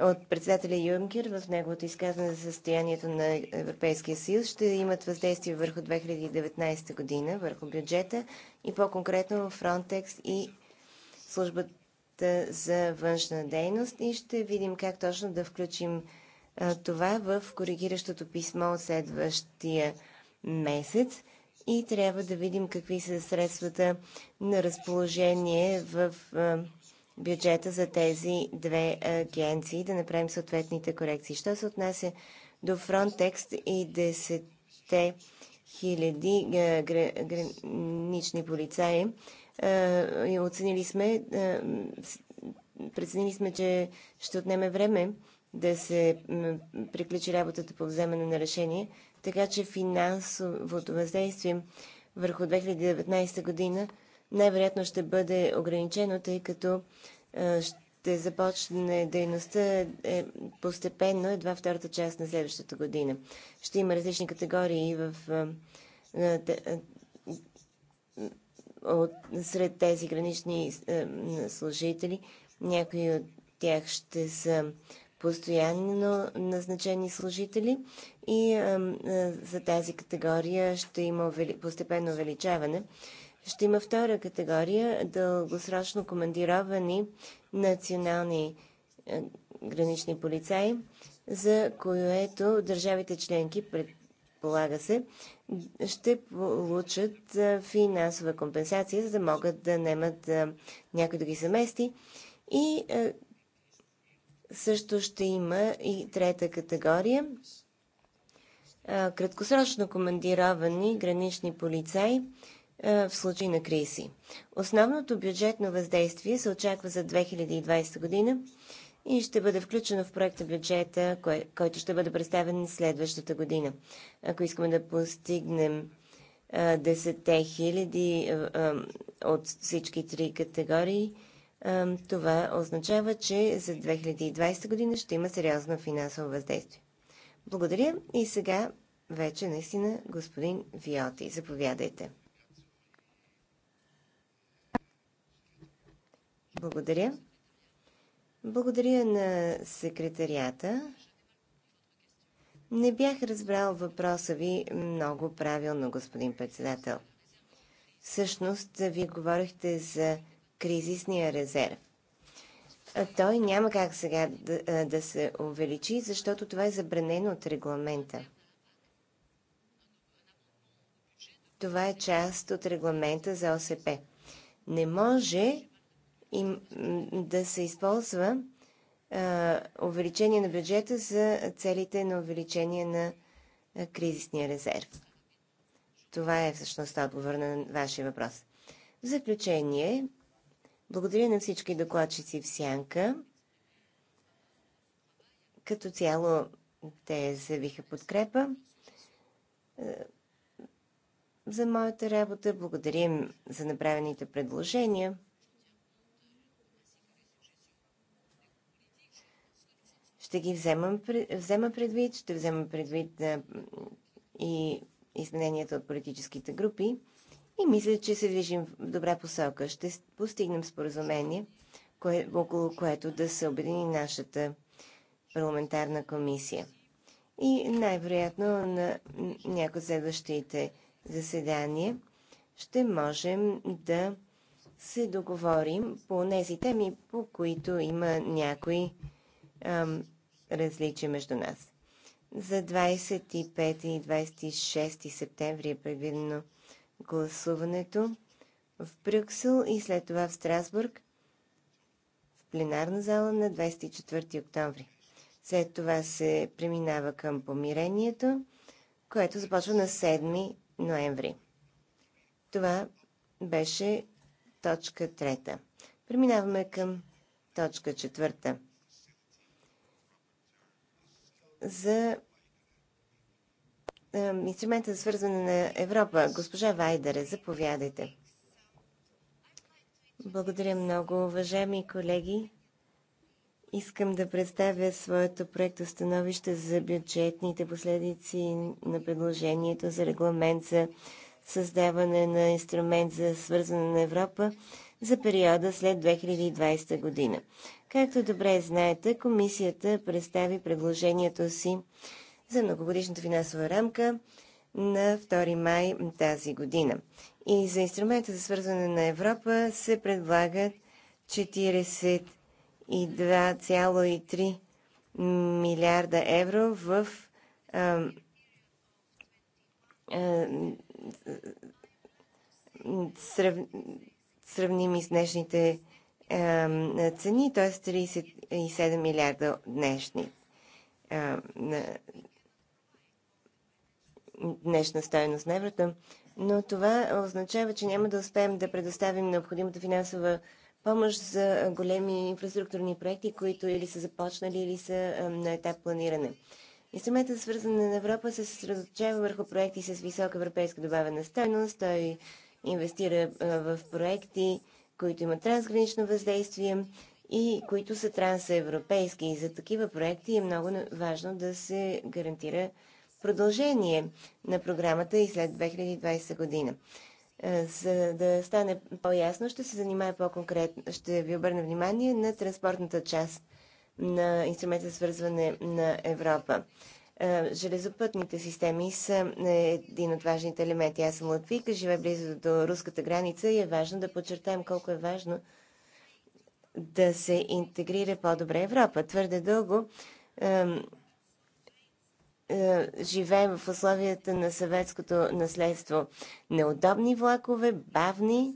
от председателя Юнкер в неговото изказване за състоянието на Европейския съюз ще имат въздействие върху 2019 година, върху бюджета и по-конкретно Frontex и службата за външна дейност и ще видим как точно да включим а, това в коригиращото писмо от следващия месец и трябва да видим какви са средствата на разположение в а, бюджета за тези две агенции, да направим съответните корекции. Що се отнася до Frontex и 10 хиляди гранични полицаи, оценили сме, преценили сме, че ще отнеме време да се приключи работата по вземане на решение, така че финансовото въздействие върху 2019 година най-вероятно ще бъде ограничено, тъй като ще започне дейността е, постепенно едва втората част на следващата година. Ще има различни категории в, от, сред тези гранични служители. Някои от тях ще са постоянно назначени служители и а, за тази категория ще има постепенно увеличаване ще има втора категория дългосрочно командировани национални е, гранични полицаи, за което държавите членки, предполага се, ще получат е, финансова компенсация, за да могат да немат е, някой да ги замести. И също ще има и трета категория краткосрочно командировани гранични полицаи, е, в случай на кризи. Основното бюджетно въздействие се очаква за 2020 година и ще бъде включено в проекта бюджета, който ще бъде представен следващата година. Ако искаме да постигнем 10 е, хиляди е, от всички три категории, това означава, че за 2020 година ще има сериозно финансово въздействие. Благодаря и сега вече наистина господин Виоти. Заповядайте. Благодаря. Благодаря на секретарията. Не бях разбрал въпроса ви много правилно, господин председател. Всъщност, вие говорихте за кризисния резерв. Той няма как сега да, да се увеличи, защото това е забранено от регламента. Това е част от регламента за ОСП. Не може им да се използва увеличение на бюджета за целите на увеличение на кризисния резерв. Това е всъщност отговор на вашия въпрос. В заключение, благодаря на всички докладчици в Сянка. Като цяло те заявиха подкрепа за моята работа. Благодарим за направените предложения. ще ги взема, взема предвид, ще взема предвид и измененията от политическите групи и мисля, че се движим в добра посока. Ще постигнем споразумение, кое, около което да се обедини нашата парламентарна комисия. И най-вероятно на някои от следващите заседания ще можем да се договорим по тези теми, по които има някои ам, различия между нас. За 25 и 26 септември е предвидено гласуването в Брюксел и след това в Страсбург в пленарна зала на 24 октомври. След това се преминава към помирението, което започва на 7 ноември. Това беше точка трета. Преминаваме към точка четвърта за инструмента за свързване на Европа. Госпожа Вайдере, заповядайте. Благодаря много, уважаеми колеги. Искам да представя своето проект становище за бюджетните последици на предложението за регламент за създаване на инструмент за свързване на Европа за периода след 2020 година. Както добре знаете, комисията представи предложението си за многогодишната финансова рамка на 2 май тази година. И за инструмента за свързване на Европа се предлагат 42,3 милиарда евро в а, а, срав, сравними с днешните цени, т.е. 37 милиарда днешни. Днешна стоеност на еврото. Но това означава, че няма да успеем да предоставим необходимата финансова помощ за големи инфраструктурни проекти, които или са започнали, или са на етап планиране. Инструментът свързане на Европа се съсредоточава върху проекти с висока европейска добавена стойност. Той инвестира в проекти, които имат трансгранично въздействие и които са трансевропейски. И за такива проекти е много важно да се гарантира продължение на програмата и след 2020 година. Е, за да стане по-ясно, ще се занимая по-конкретно, ще ви обърна внимание на транспортната част на инструмента свързване на Европа. Е, железопътните системи са е, един от важните елементи. Аз съм латвика, живея близо до руската граница и е важно да подчертаем колко е важно да се интегрира по-добре Европа. Твърде дълго е, е, живеем в условията на съветското наследство. Неудобни влакове, бавни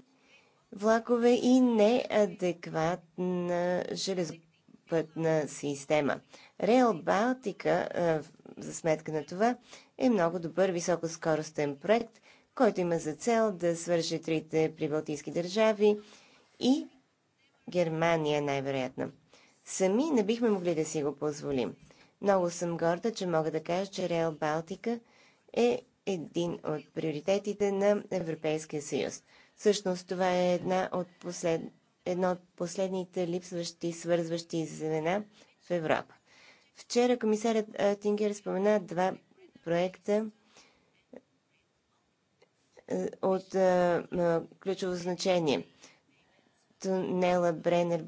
влакове и неадекватна железопътна система. Рейл Балтика е, за сметка на това е много добър високоскоростен проект, който има за цел да свърже трите прибалтийски държави и Германия най-вероятно. Сами не бихме могли да си го позволим. Много съм горда, че мога да кажа, че Реал Балтика е един от приоритетите на Европейския съюз. Всъщност това е една от послед... едно от последните липсващи свързващи звена в Европа. Вчера комисарят Тингер спомена два проекта от ключово значение. Тунела Бренер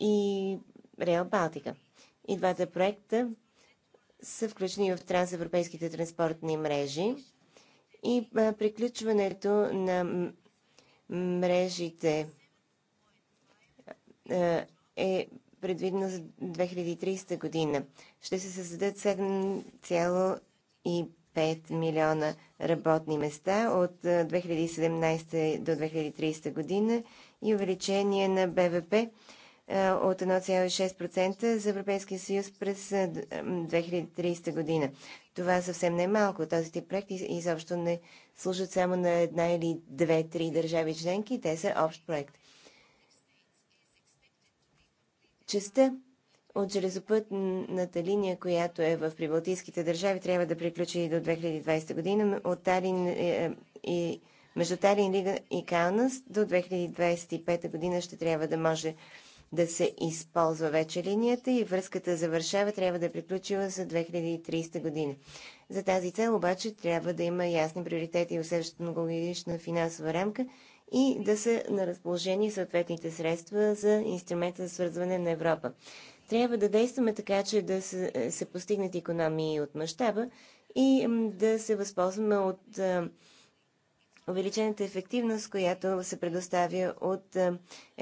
и Реал Балтика. И двата проекта са включени в трансевропейските транспортни мрежи и приключването на мрежите е предвидено за 2030 година. Ще се създадат 7,5 милиона работни места от 2017 до 2030 година и увеличение на БВП от 1,6% за Европейския съюз през 2030 година. Това е съвсем не е малко. Този тип проекти изобщо не служат само на една или две-три държави членки. Те са общ проект. Частта от железопътната линия, която е в прибалтийските държави, трябва да приключи до 2020 година. От Талин е, е, и между Талин, Лига и Каунас до 2025 година ще трябва да може да се използва вече линията и връзката за Варшава трябва да е приключила за 2030 година. За тази цел обаче трябва да има ясни приоритети и усещат многогодишна финансова рамка – и да са на разположение съответните средства за инструмента за свързване на Европа. Трябва да действаме така, че да се, е, се постигнат економии от мащаба и да се възползваме от а, е, увеличената ефективност, която се предоставя от а, е,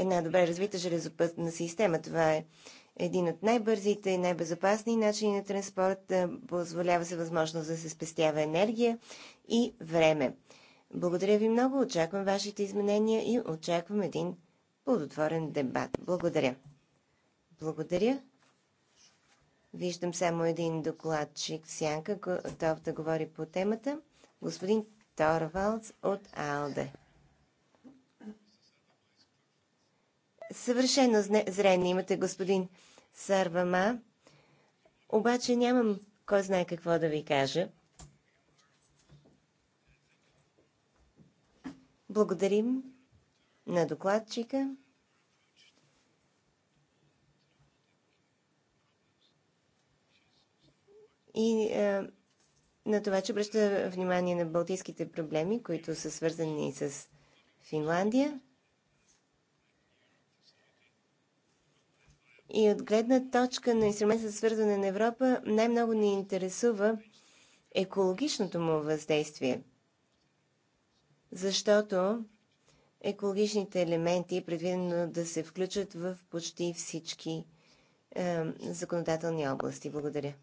една добре развита железопътна система. Това е един от най-бързите и най-безопасни начини на транспорт. А, позволява се възможност да се спестява енергия и време. Благодаря ви много, очаквам вашите изменения и очаквам един плодотворен дебат. Благодаря. Благодаря. Виждам само един докладчик в сянка, готов да говори по темата. Господин Торвалц от АЛДЕ. Съвършено зрение имате, господин Сарвама. Обаче нямам кой знае какво да ви кажа. Благодарим на докладчика. И а, е, на това, че обръща внимание на балтийските проблеми, които са свързани с Финландия. И от гледна точка на инструмент за свързване на Европа, най-много ни интересува екологичното му въздействие – защото екологичните елементи е предвидено да се включат в почти всички е, законодателни области. Благодаря.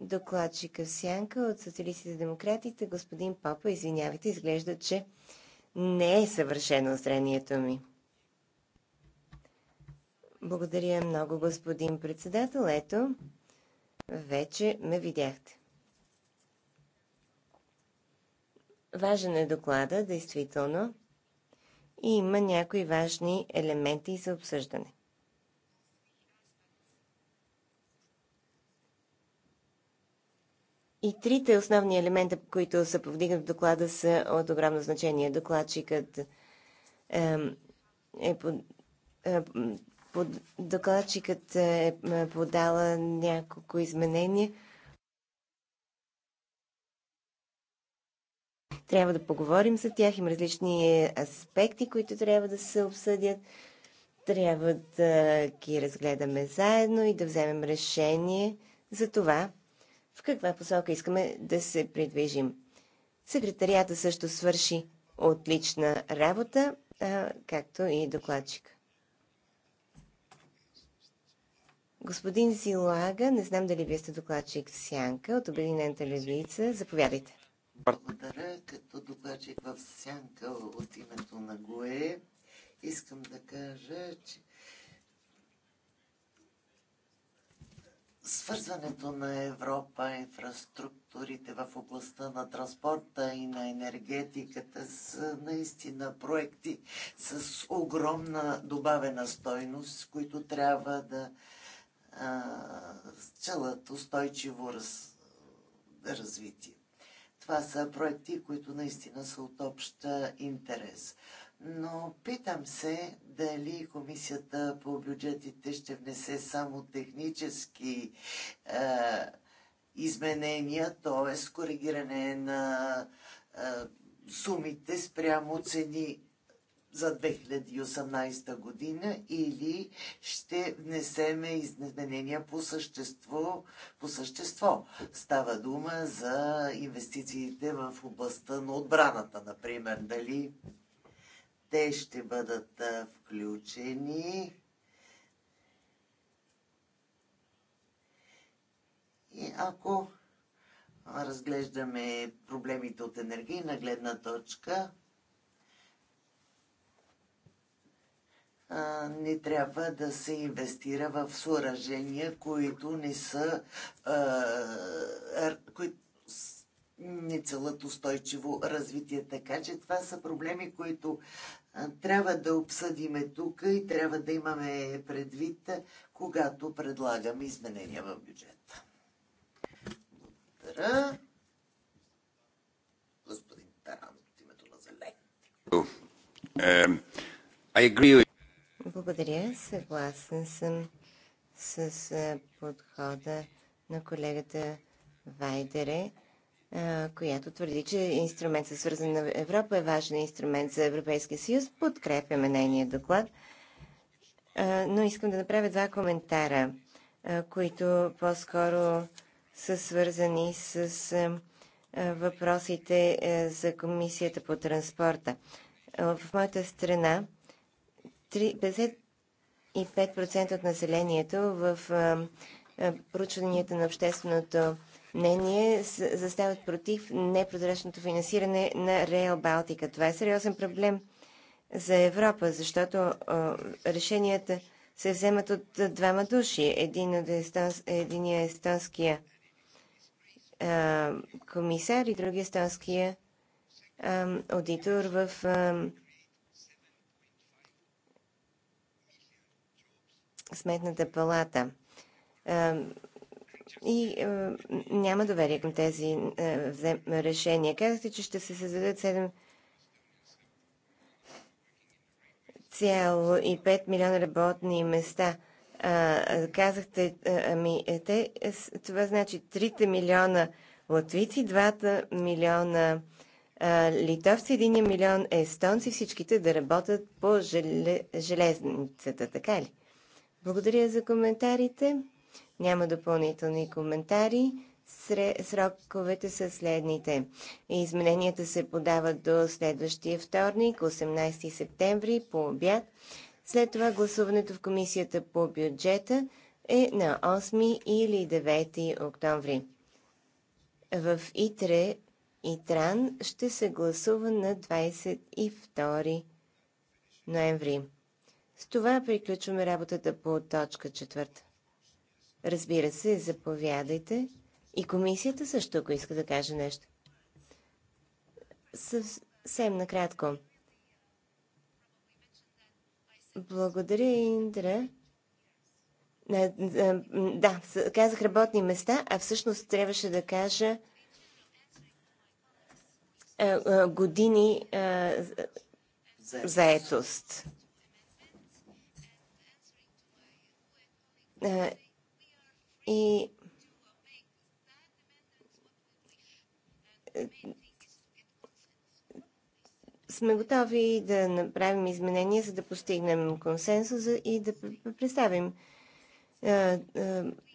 Докладчика Сянка от Социалистите демократите, господин Папа, извинявайте, изглежда, че не е съвършено зрението ми. Благодаря много, господин председател. Ето, вече ме видяхте. Важен е доклада, действително, и има някои важни елементи за обсъждане. И трите основни елемента, които са повдигнат в доклада, са от огромно значение. Докладчикът е, е, под, е под, докладчикът е, е подала няколко изменения – Трябва да поговорим за тях. Има различни аспекти, които трябва да се обсъдят. Трябва да ги разгледаме заедно и да вземем решение за това, в каква посока искаме да се придвижим. Секретарията също свърши отлична работа, както и докладчик. Господин Зилага, не знам дали вие сте докладчик Сянка от Обединената левица. Заповядайте. Благодаря като докачи в сянка от името на ГОЕ. Искам да кажа, че свързването на Европа, инфраструктурите в областта на транспорта и на енергетиката са наистина проекти с огромна добавена стойност, които трябва да целят устойчиво раз, развитие. Това са проекти, които наистина са от общ интерес. Но питам се дали комисията по бюджетите ще внесе само технически е, изменения, т.е. коригиране на е, сумите спрямо цени за 2018 година или ще внесеме изменения по същество, по същество. Става дума за инвестициите в областта на отбраната, например. Дали те ще бъдат включени? И ако разглеждаме проблемите от енергийна гледна точка, не трябва да се инвестира в съоръжения, които не са които не целат устойчиво развитие. Така че това са проблеми, които трябва да обсъдиме тук и трябва да имаме предвид, когато предлагаме изменения в бюджета. Благодаря. Господин Таран, от името на Зелените. Е, I agree благодаря. Съгласен съм с подхода на колегата Вайдере, която твърди, че инструмент за на Европа е важен инструмент за Европейския съюз. Подкрепяме нейния доклад. Но искам да направя два коментара, които по-скоро са свързани с въпросите за Комисията по транспорта. В моята страна 55% от населението в проучванията на общественото мнение застават против непрозрачното финансиране на Рейл Балтика. Това е сериозен проблем за Европа, защото решенията се вземат от двама души. Един от естонс... единия естонския комисар и другия естонския аудитор в Сметната палата. И няма доверие към тези е, решения. Казахте, че ще се създадат 7,5 милиона работни места. А, казахте, ами, е, те, е, това значи 3 милиона латвици, 2 милиона а, литовци, 1 милион естонци, всичките да работят по желе, железницата, така ли? Благодаря за коментарите. Няма допълнителни коментари. Сроковете са следните. Измененията се подават до следващия вторник, 18 септември, по обяд. След това гласуването в комисията по бюджета е на 8 или 9 октомври. В ИТРЕ и ТРАН ще се гласува на 22 ноември. С това приключваме работата по точка четвърта. Разбира се, заповядайте. И комисията също, ако иска да каже нещо. Съвсем накратко. Благодаря, Индра. Е, е, да, казах работни места, а всъщност трябваше да кажа е, години заетост. Е, и е, сме готови да направим изменения, за да постигнем консенсуса и да представим е,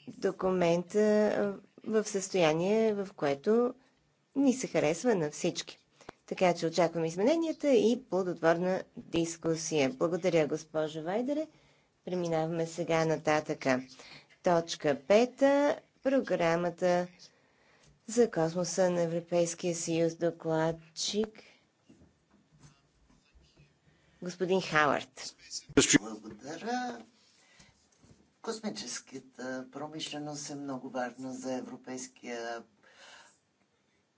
документа в състояние, в което ни се харесва на всички. Така че очаквам измененията и плодотворна дискусия. Благодаря, госпожо Вайдере. Преминаваме сега нататъка. Точка 5. Програмата за космоса на Европейския съюз. Докладчик господин Хауърд. Благодаря. Космическата промишленост е много важна за Европейския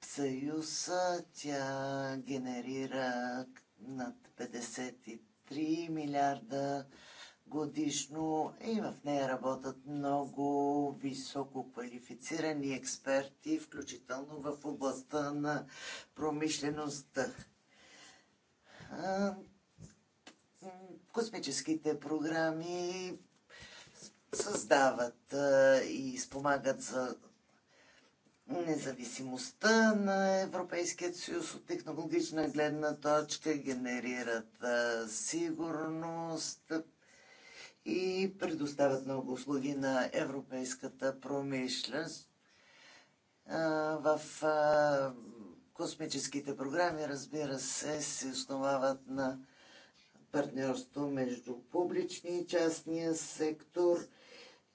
съюз. Тя генерира над 53 милиарда годишно и в нея работят много високо квалифицирани експерти, включително в областта на промишлеността. Космическите програми създават и спомагат за независимостта на Европейският съюз от технологична гледна точка, генерират сигурност, и предоставят много услуги на европейската промишленост. В космическите програми, разбира се, се основават на партньорство между публичния и частния сектор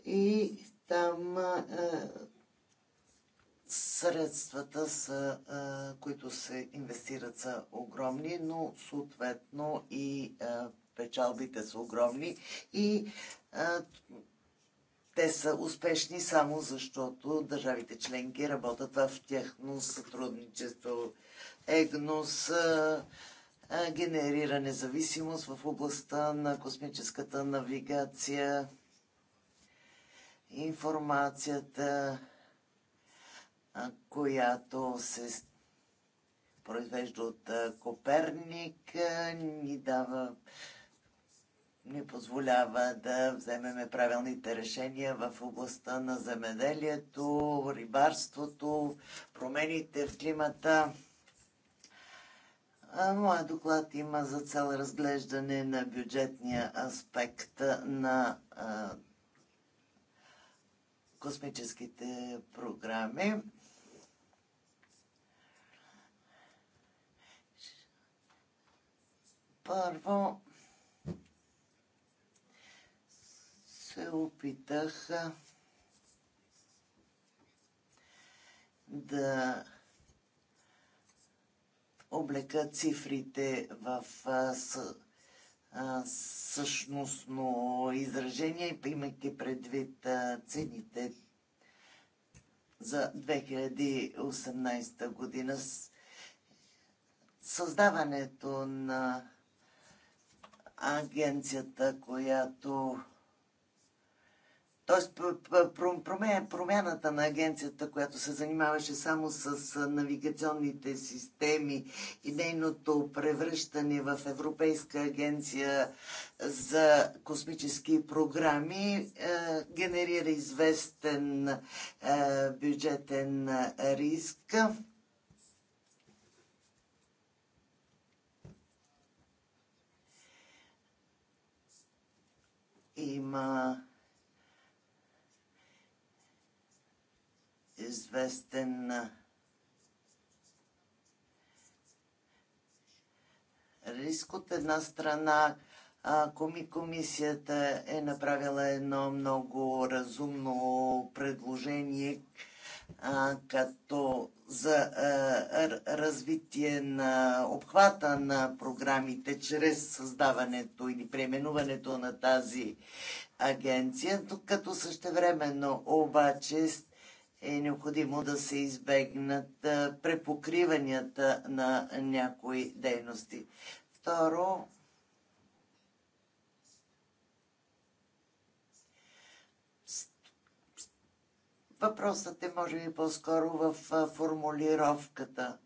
и там средствата, са, които се инвестират, са огромни, но съответно и печалбите са огромни и а, те са успешни само защото държавите членки работят в тяхно сътрудничество. ЕГНОС а, а, генерира независимост в областта на космическата навигация, информацията, а, която се произвежда от Коперник, ни дава ни позволява да вземеме правилните решения в областта на земеделието, рибарството, промените в климата. Моя доклад има за цел разглеждане на бюджетния аспект на космическите програми. Първо, се опитаха да облека цифрите в същностно изражение, имайки предвид цените за 2018 година. Създаването на агенцията, която Тоест, промяната на агенцията, която се занимаваше само с навигационните системи и нейното превръщане в Европейска агенция за космически програми, е, генерира известен е, бюджетен риск. Има известен риск от една страна. Комисията е направила едно много разумно предложение като за развитие на обхвата на програмите чрез създаването или преименуването на тази агенция, като същевременно обаче е необходимо да се избегнат препокриванията на някои дейности. Второ, въпросът е може би по-скоро в формулировката,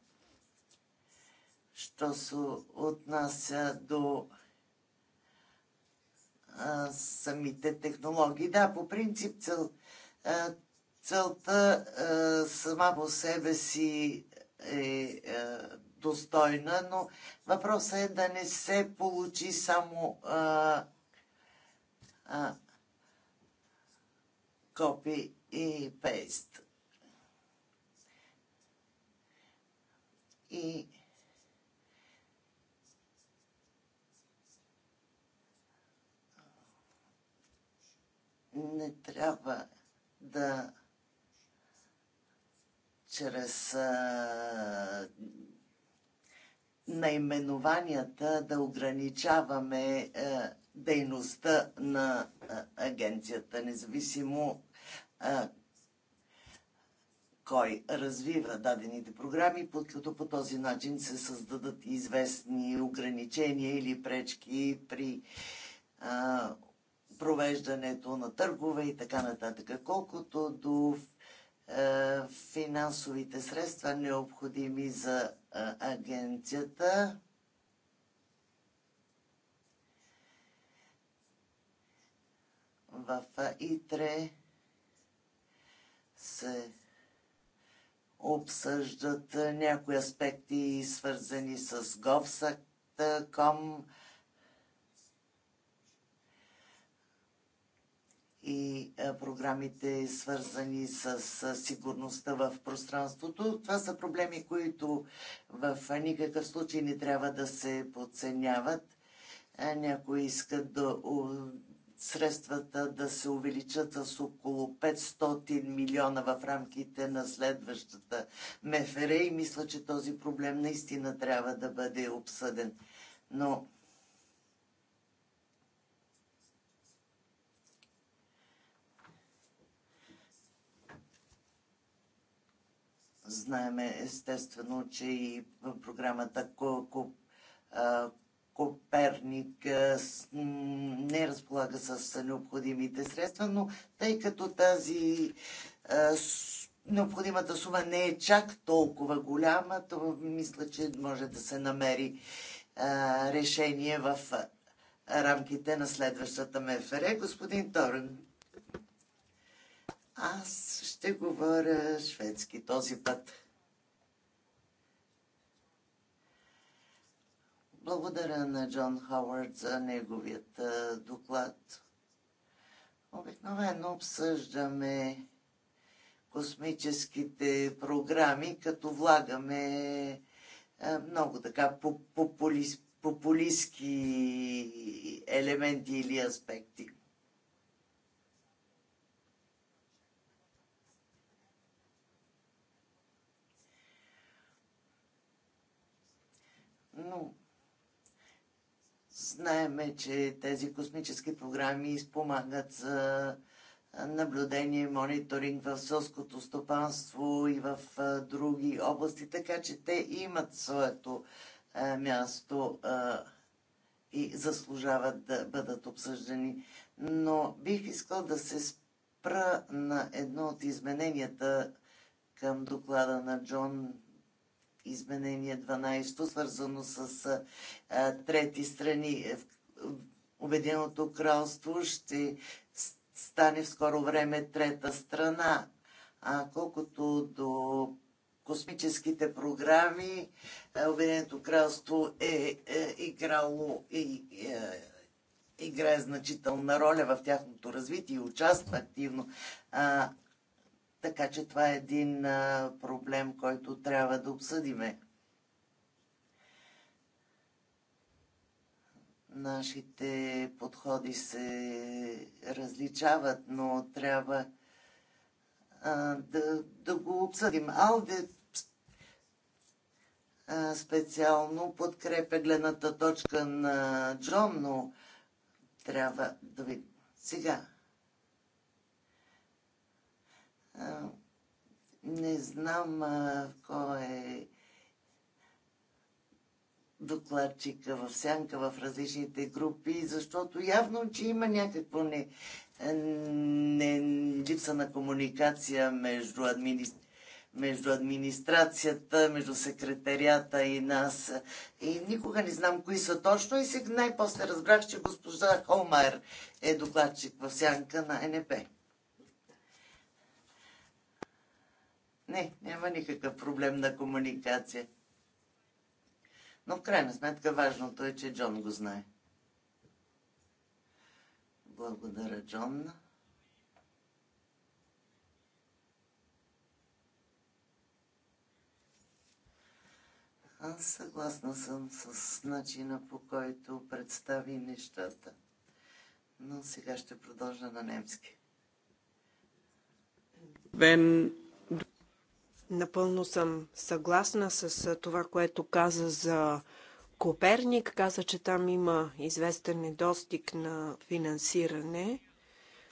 що се отнася до самите технологии. Да, по принцип цел, Целта а, е, сама по себе си е, а, е, достойна, но въпросът е да не се получи само а, е, а, копи и пейст. И не трябва да чрез а, наименованията да ограничаваме а, дейността на а, агенцията, независимо а, кой развива дадените програми, под като по този начин се създадат известни ограничения или пречки при а, провеждането на търгове и така нататък. Колкото до е, финансовите средства, необходими за е, агенцията. В е, ИТРЕ се обсъждат някои аспекти, свързани с Говсак, Ком, и програмите, свързани с сигурността в пространството. Това са проблеми, които в никакъв случай не трябва да се подценяват. Някои искат да средствата да се увеличат с около 500 милиона в рамките на следващата МФР и мисля, че този проблем наистина трябва да бъде обсъден. Но Знаеме естествено, че и в програмата Коперник не разполага с необходимите средства, но тъй като тази необходимата сума не е чак толкова голяма, то мисля, че може да се намери решение в рамките на следващата МФР. Господин Торен, аз ще говоря шведски този път. Благодаря на Джон Хауърд за неговият доклад. Обикновено обсъждаме космическите програми, като влагаме много така популистски елементи или аспекти. но знаеме, че тези космически програми спомагат за наблюдение, мониторинг в селското стопанство и в други области, така че те имат своето място и заслужават да бъдат обсъждани. Но бих искал да се спра на едно от измененията към доклада на Джон изменение 12, свързано с а, трети страни. Е, Обединеното кралство ще стане в скоро време трета страна. А колкото до космическите програми, е, Обединеното кралство е, е играло и е, играе значителна роля в тяхното развитие и участва активно. А, така че това е един а, проблем, който трябва да обсъдиме. Нашите подходи се различават, но трябва а, да, да го обсъдим. Алде специално подкрепя гледната точка на Джон, но трябва да ви... Сега, не знам а, кой е докладчика в сянка в различните групи, защото явно, че има някакво не, не, липса на комуникация между, админи, между администрацията, между секретарията и нас. И никога не знам кои са точно и сега най-после разбрах, че госпожа Холмайер е докладчик в сянка на НП. Не, няма никакъв проблем на комуникация. Но в крайна сметка важното е, че Джон го знае. Благодаря, Джон. Аз съгласна съм с начина по който представи нещата. Но сега ще продължа на немски. Вен. Напълно съм съгласна с това, което каза за Коперник. Каза, че там има известен недостиг на финансиране.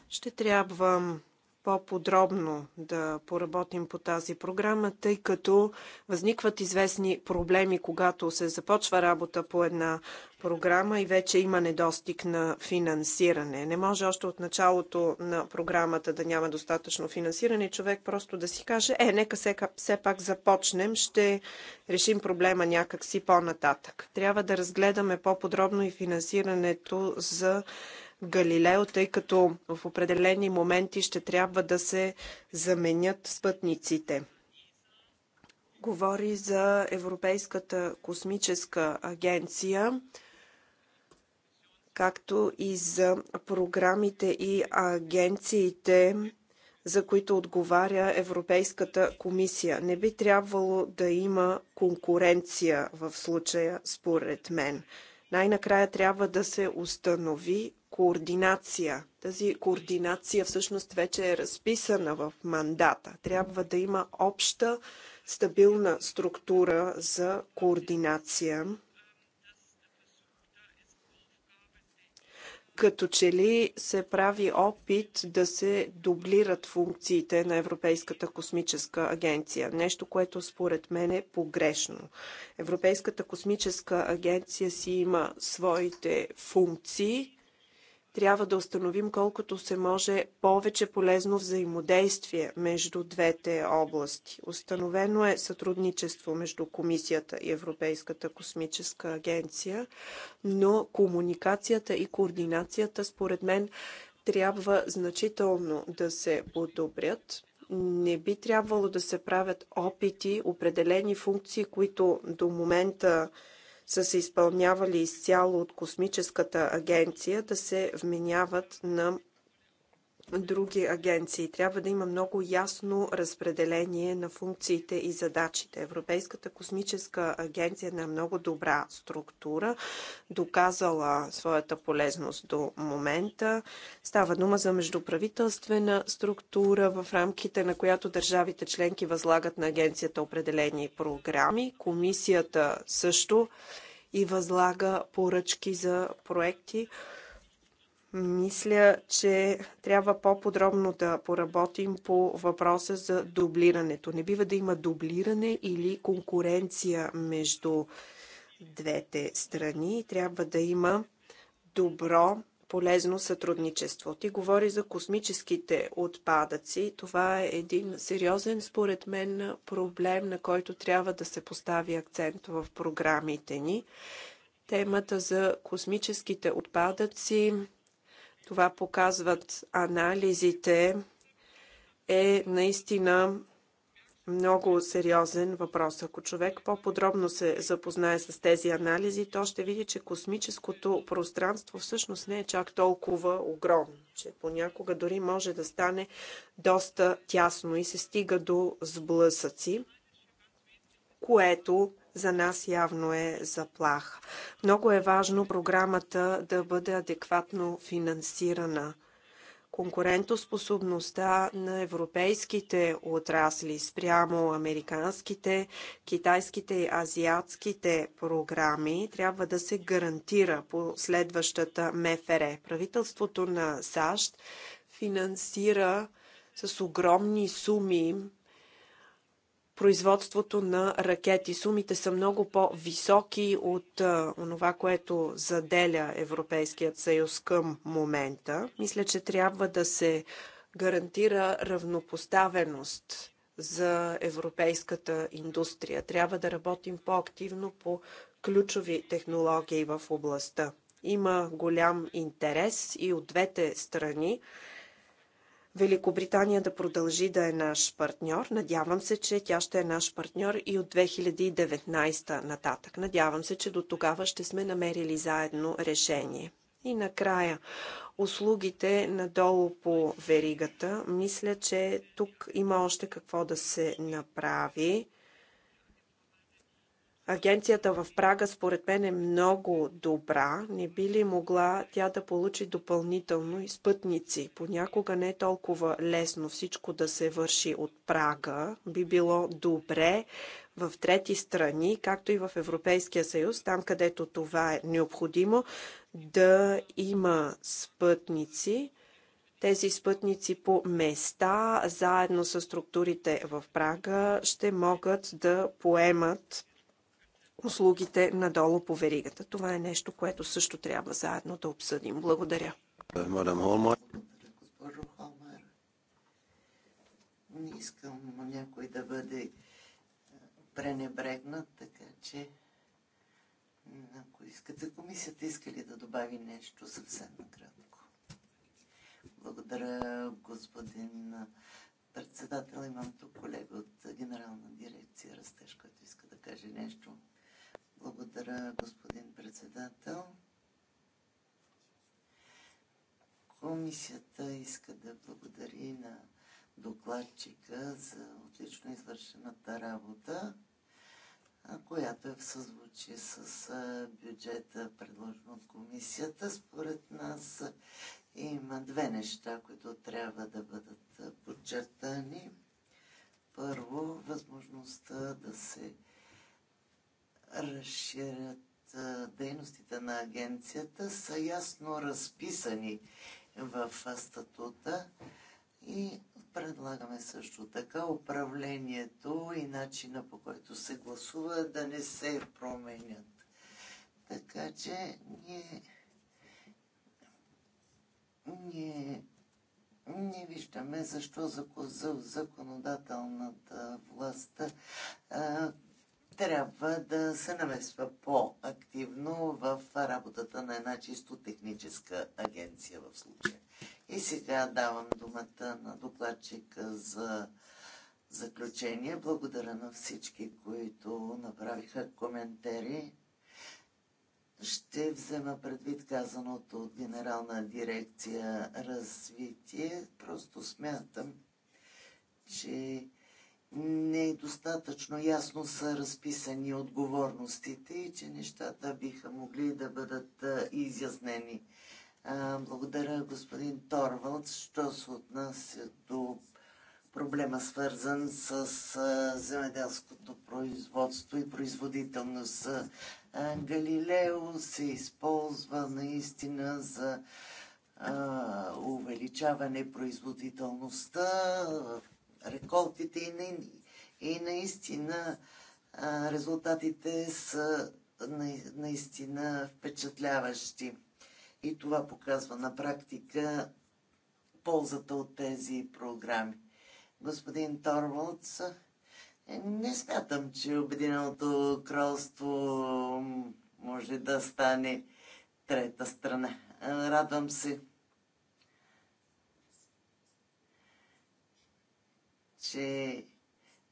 Ще трябва по-подробно да поработим по тази програма, тъй като възникват известни проблеми, когато се започва работа по една програма и вече има недостиг на финансиране. Не може още от началото на програмата да няма достатъчно финансиране. Човек просто да си каже, е, нека все пак започнем, ще решим проблема някакси по-нататък. Трябва да разгледаме по-подробно и финансирането за Галилео, тъй като в определени моменти ще трябва да се заменят спътниците. Говори за Европейската космическа агенция, както и за програмите и агенциите, за които отговаря Европейската комисия. Не би трябвало да има конкуренция в случая, според мен. Най-накрая трябва да се установи координация. Тази координация всъщност вече е разписана в мандата. Трябва да има обща стабилна структура за координация. Като че ли се прави опит да се дублират функциите на Европейската космическа агенция. Нещо, което според мен е погрешно. Европейската космическа агенция си има своите функции, трябва да установим колкото се може повече полезно взаимодействие между двете области. Установено е сътрудничество между Комисията и Европейската космическа агенция, но комуникацията и координацията, според мен, трябва значително да се подобрят не би трябвало да се правят опити определени функции, които до момента са се изпълнявали изцяло от космическата агенция, да се вменяват на други агенции. Трябва да има много ясно разпределение на функциите и задачите. Европейската космическа агенция е на много добра структура, доказала своята полезност до момента. Става дума за междуправителствена структура, в рамките на която държавите членки възлагат на агенцията определени програми. Комисията също и възлага поръчки за проекти мисля, че трябва по-подробно да поработим по въпроса за дублирането. Не бива да има дублиране или конкуренция между двете страни. Трябва да има добро, полезно сътрудничество. Ти говори за космическите отпадъци. Това е един сериозен, според мен, проблем, на който трябва да се постави акцент в програмите ни. Темата за космическите отпадъци това показват анализите, е наистина много сериозен въпрос. Ако човек по-подробно се запознае с тези анализи, то ще види, че космическото пространство всъщност не е чак толкова огромно, че понякога дори може да стане доста тясно и се стига до сблъсъци, което за нас явно е заплаха. Много е важно програмата да бъде адекватно финансирана. Конкурентоспособността на европейските отрасли спрямо американските, китайските и азиатските програми трябва да се гарантира по следващата МФР. Правителството на САЩ финансира с огромни суми производството на ракети. Сумите са много по-високи от това, което заделя Европейският съюз към момента. Мисля, че трябва да се гарантира равнопоставеност за европейската индустрия. Трябва да работим по-активно по ключови технологии в областта. Има голям интерес и от двете страни Великобритания да продължи да е наш партньор. Надявам се, че тя ще е наш партньор и от 2019 нататък. Надявам се, че до тогава ще сме намерили заедно решение. И накрая, услугите надолу по веригата. Мисля, че тук има още какво да се направи. Агенцията в Прага според мен е много добра. Не би ли могла тя да получи допълнително и спътници? Понякога не е толкова лесно всичко да се върши от Прага. Би било добре в трети страни, както и в Европейския съюз, там където това е необходимо, да има спътници тези спътници по места, заедно с структурите в Прага, ще могат да поемат услугите надолу по веригата. Това е нещо, което също трябва заедно да обсъдим. Благодаря. Мадам Холмайер. Госпожо Холмайер, не искам някой да бъде е, пренебрегнат, така че ако искате, комисията иска ли да добави нещо съвсем накратко? Благодаря, господин председател. Имам тук колега от Генерална дирекция Растеж, който иска да каже нещо. Благодаря, господин председател. Комисията иска да благодари на докладчика за отлично извършената работа, която е в съзвучие с бюджета, предложен от комисията. Според нас има две неща, които трябва да бъдат подчертани. Първо, възможността да се разширят дейностите на агенцията, са ясно разписани в статута и предлагаме също така управлението и начина по който се гласува да не се променят. Така че ние, ние не виждаме защо законодателната власт трябва да се намесва по-активно в работата на една чисто техническа агенция в случая. И сега давам думата на докладчика за заключение. Благодаря на всички, които направиха коментари. Ще взема предвид казаното от Генерална дирекция развитие. Просто смятам, че не е достатъчно ясно са разписани отговорностите и че нещата биха могли да бъдат изяснени. Благодаря, господин Торвалд, що се отнася до проблема свързан с земеделското производство и производителност. Галилео се използва наистина за увеличаване производителността в реколтите и, на, и наистина а, резултатите са на, наистина впечатляващи. И това показва на практика ползата от тези програми. Господин Торвалдс, не смятам, че Обединеното кралство може да стане трета страна. Радвам се, че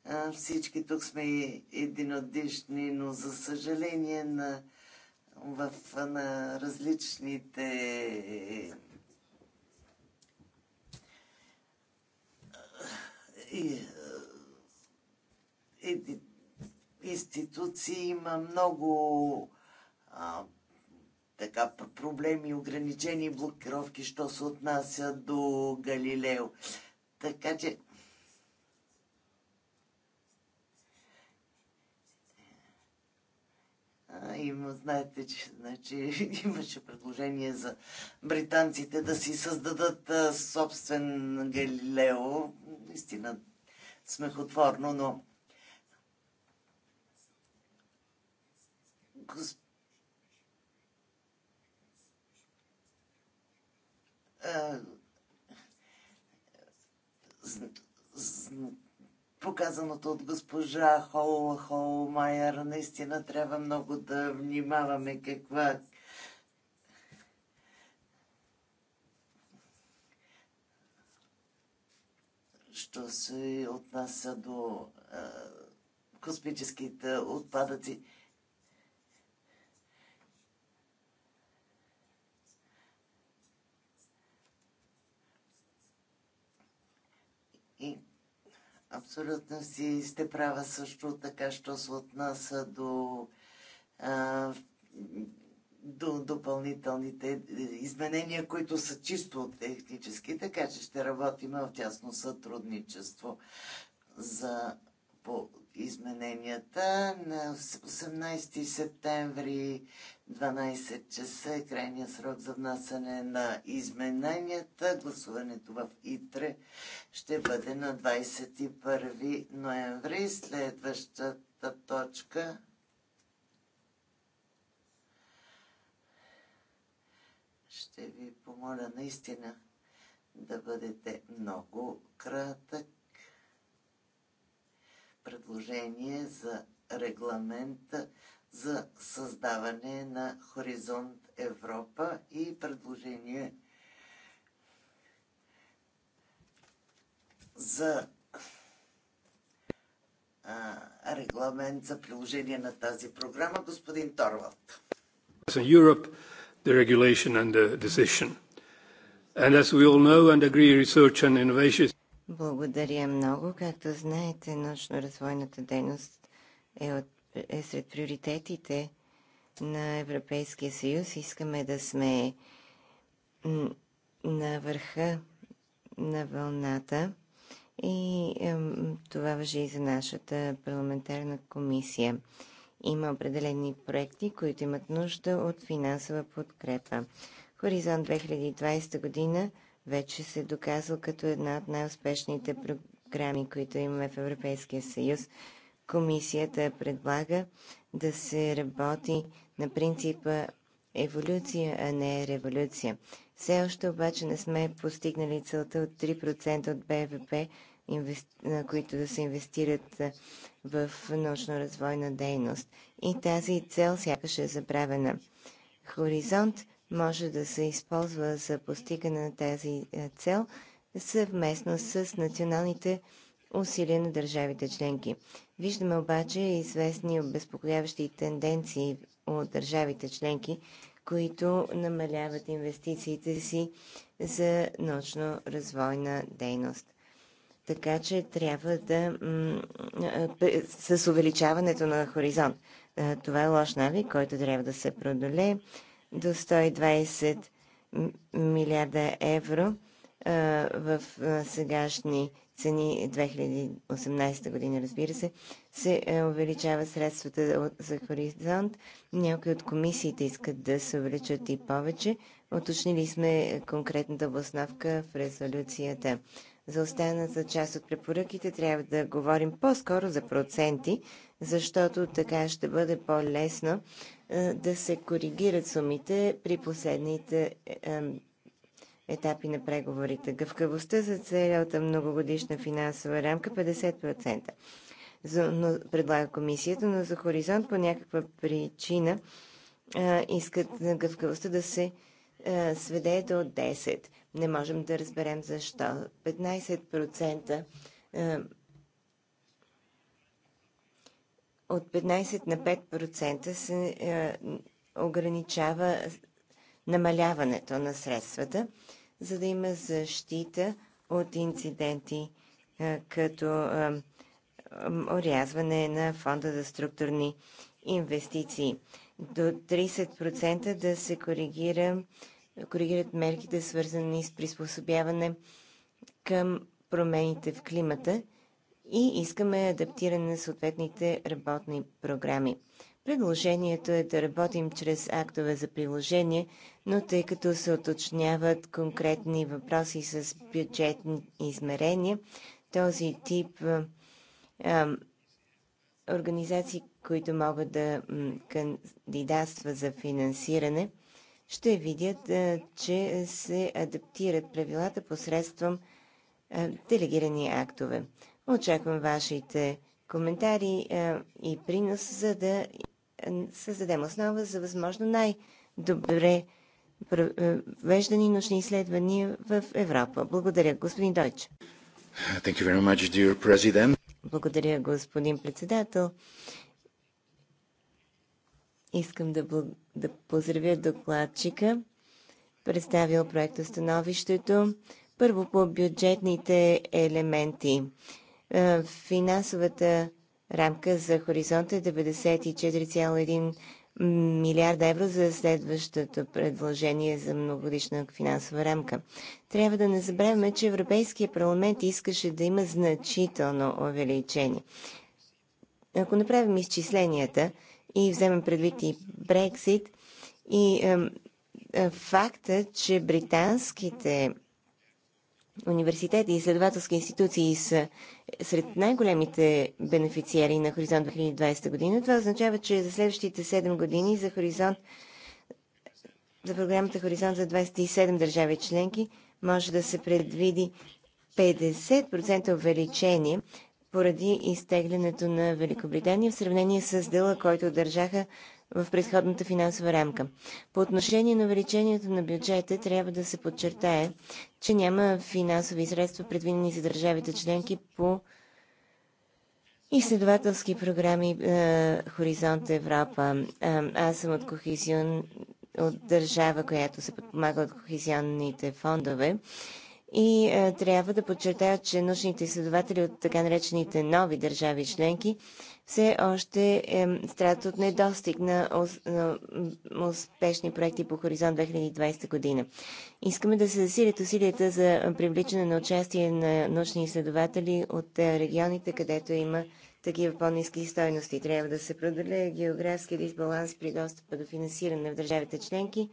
а, всички тук сме единодишни, но за съжаление на, в, на различните и, е, и, и, институции има много а, така, проблеми, ограничени блокировки, що се отнася до Галилео. Така че има, знаете, че значи, имаше предложение за британците да си създадат а, собствен Галилео. Истина смехотворно, но Госп... А... З... З показаното от госпожа Хол, Холмайер. Наистина трябва много да внимаваме каква що се отнася до а, космическите отпадъци. Абсолютно си сте права също така, що се отнася до, а, до допълнителните е, изменения, които са чисто технически, така че ще работим в тясно сътрудничество за по измененията. На 18 септември 12 часа е крайният срок за внасяне на измененията. Гласуването в ИТРЕ ще бъде на 21 ноември. Следващата точка ще ви помоля наистина да бъдете много кратък. Предложение за регламента за създаване на Хоризонт Европа и предложение за а, регламент за приложение на тази програма, господин Торвалд. Europe, the regulation and the decision. And as we all know and agree, research and innovation... Благодаря много. Както знаете, научно-развойната дейност е от е сред приоритетите на Европейския съюз. Искаме да сме на върха на вълната и е, това въжи и за нашата парламентарна комисия. Има определени проекти, които имат нужда от финансова подкрепа. Хоризонт 2020 година вече се е доказал като една от най-успешните програми, които имаме в Европейския съюз Комисията предлага да се работи на принципа еволюция, а не революция. Все още обаче не сме постигнали целта от 3% от БВП, които да се инвестират в научно-развойна дейност. И тази цел сякаш е забравена. Хоризонт може да се използва за постигане на тази цел съвместно с националните усилия на държавите членки. Виждаме обаче известни обезпокояващи тенденции от държавите членки, които намаляват инвестициите си за научно-развойна дейност. Така че трябва да... с увеличаването на хоризонт. Това е лош навик, който трябва да се продолее до 120 милиарда евро – в сегашни цени 2018 година, разбира се, се увеличава средствата за хоризонт. Някои от комисиите искат да се увеличат и повече. Оточнили сме конкретната обосновка в резолюцията. За останата част от препоръките трябва да говорим по-скоро за проценти, защото така ще бъде по-лесно да се коригират сумите при последните етапи на преговорите. Гъвкавостта за целата многогодишна финансова рамка 50%. За, но, предлага комисията, но за хоризонт по някаква причина а, искат гъвкавостта да се а, сведе до 10. Не можем да разберем защо. 15% а, от 15 на 5% се а, ограничава намаляването на средствата за да има защита от инциденти като орязване на фонда за структурни инвестиции. До 30% да се коригира, коригират мерките, свързани с приспособяване към промените в климата и искаме адаптиране на съответните работни програми. Предложението е да работим чрез актове за приложение, но тъй като се уточняват конкретни въпроси с бюджетни измерения, този тип а, организации, които могат да кандидатства за финансиране, ще видят, а, че се адаптират правилата посредством а, делегирани актове. Очаквам вашите коментари а, и принос, за да е, създадем основа за възможно най-добре провеждани научни изследвания в Европа. Благодаря, господин Дойч. Thank you very much, dear President. Благодаря, господин председател. Искам да, бл... да поздравя докладчика, представил проекта становището. Първо по бюджетните елементи. Е, финансовата рамка за хоризонта е 94,1 милиарда евро за следващото предложение за многодишна финансова рамка. Трябва да не забравяме, че Европейския парламент искаше да има значително увеличение. Ако направим изчисленията и вземем предвид и Брексит и е, е, факта, че британските университети и изследователски институции са сред най-големите бенефициери на Хоризонт 2020 година, това означава, че за следващите 7 години за Хоризонт за програмата Хоризонт за 27 държави членки може да се предвиди 50% увеличение поради изтеглянето на Великобритания в сравнение с дела, който държаха в предходната финансова рамка. По отношение на увеличението на бюджета трябва да се подчертае, че няма финансови средства предвидени за държавите членки по изследователски програми е, Хоризонт Европа. Е, аз съм от Кохизион, от държава, която се подпомага от кохезионните фондове. И е, трябва да подчертая, че научните изследователи от така наречените нови държави членки все още е, страдат от недостиг на, на успешни проекти по Хоризонт 2020 година. Искаме да се засилят усилията за привличане на участие на научни изследователи от е, регионите, където има такива по-низки стойности. Трябва да се преодолее географски дисбаланс при достъпа до финансиране в държавите членки,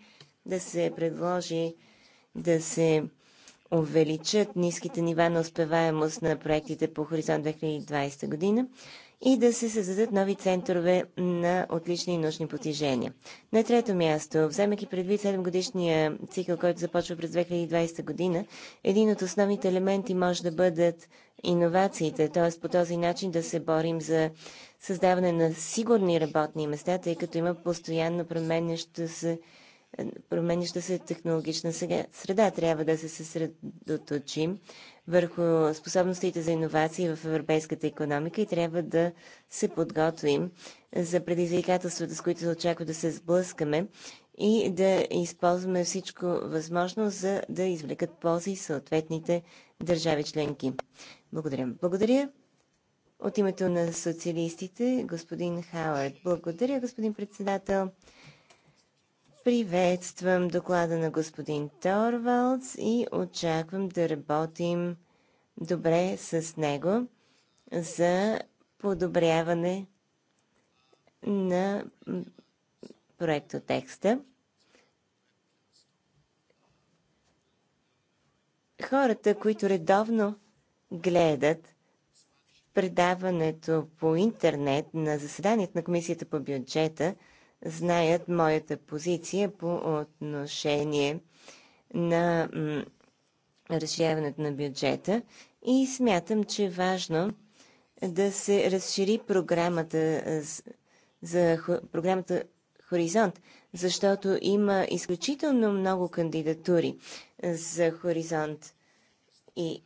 да се предложи да се увеличат ниските нива на успеваемост на проектите по Хоризонт 2020 година, и да се създадат нови центрове на отлични научни постижения. На трето място, вземайки предвид 7-годишния цикъл, който започва през 2020 година, един от основните елементи може да бъдат иновациите, т.е. по този начин да се борим за създаване на сигурни работни места, тъй като има постоянно променяща се променяща се технологична среда. Трябва да се съсредоточим върху способностите за иновации в европейската економика и трябва да се подготвим за предизвикателствата, с които се очаква да се сблъскаме и да използваме всичко възможно, за да извлекат ползи съответните държави членки. Благодаря. Благодаря. От името на социалистите, господин Хауърд. Благодаря, господин председател. Приветствам доклада на господин Торвалдс и очаквам да работим добре с него за подобряване на проектотекста. Хората, които редовно гледат предаването по интернет на заседанието на Комисията по бюджета – знаят моята позиция по отношение на разширяването на бюджета и смятам, че е важно да се разшири програмата за програмата Хоризонт, защото има изключително много кандидатури за Хоризонт и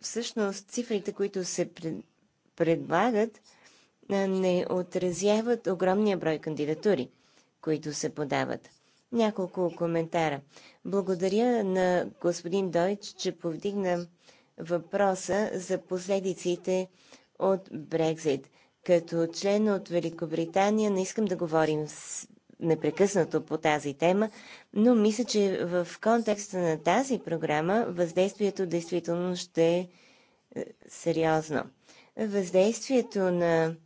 всъщност цифрите, които се предлагат, не отразяват огромния брой кандидатури, които се подават. Няколко коментара. Благодаря на господин Дойч, че повдигна въпроса за последиците от Брекзит. Като член от Великобритания не искам да говорим непрекъснато по тази тема, но мисля, че в контекста на тази програма въздействието действително ще е сериозно. Въздействието на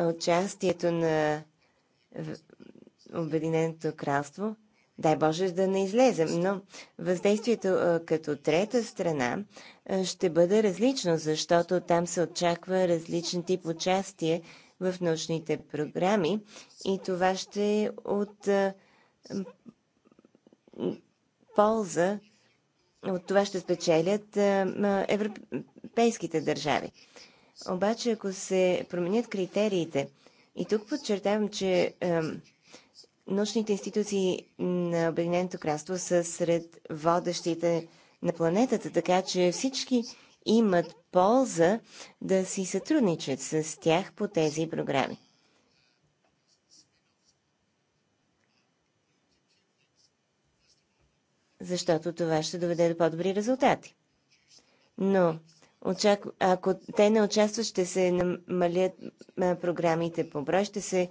участието на Обединеното кралство, дай Боже да не излезем, но въздействието като трета страна ще бъде различно, защото там се очаква различен тип участие в научните програми и това ще е от полза, от това ще спечелят европейските държави. Обаче, ако се променят критериите, и тук подчертавам, че е, научните институции на Обединеното кралство са сред водещите на планетата, така че всички имат полза да си сътрудничат с тях по тези програми. Защото това ще доведе до по-добри резултати. Но ако те не участват, ще се намалят програмите по брой, ще се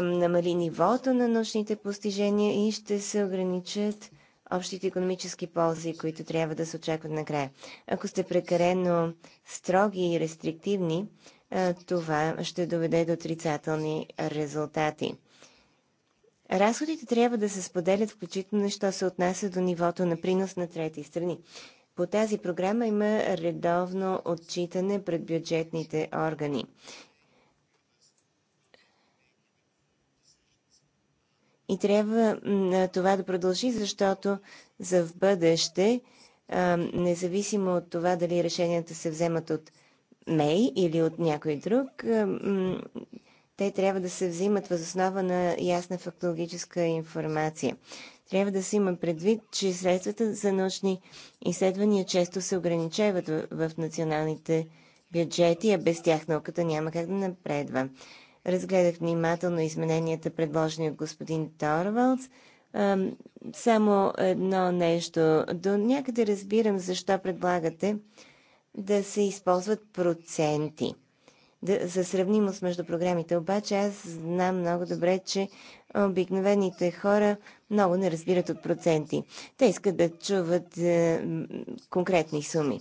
намали нивото на научните постижения и ще се ограничат общите економически ползи, които трябва да се очакват накрая. Ако сте прекарено строги и рестриктивни, това ще доведе до отрицателни резултати. Разходите трябва да се споделят, включително, що се отнася до нивото на принос на трети страни. По тази програма има редовно отчитане пред бюджетните органи. И трябва това да продължи, защото за в бъдеще, независимо от това дали решенията се вземат от Мей или от някой друг, те трябва да се взимат възоснова на ясна фактологическа информация. Трябва да се има предвид, че средствата за научни изследвания често се ограничават в, в националните бюджети, а без тях науката няма как да напредва. Разгледах внимателно измененията, предложени от господин Торвалдс. Само едно нещо. До някъде разбирам защо предлагате да се използват проценти. Да, за сравнимост между програмите. Обаче аз знам много добре, че обикновените хора много не разбират от проценти. Те искат да чуват е, конкретни суми.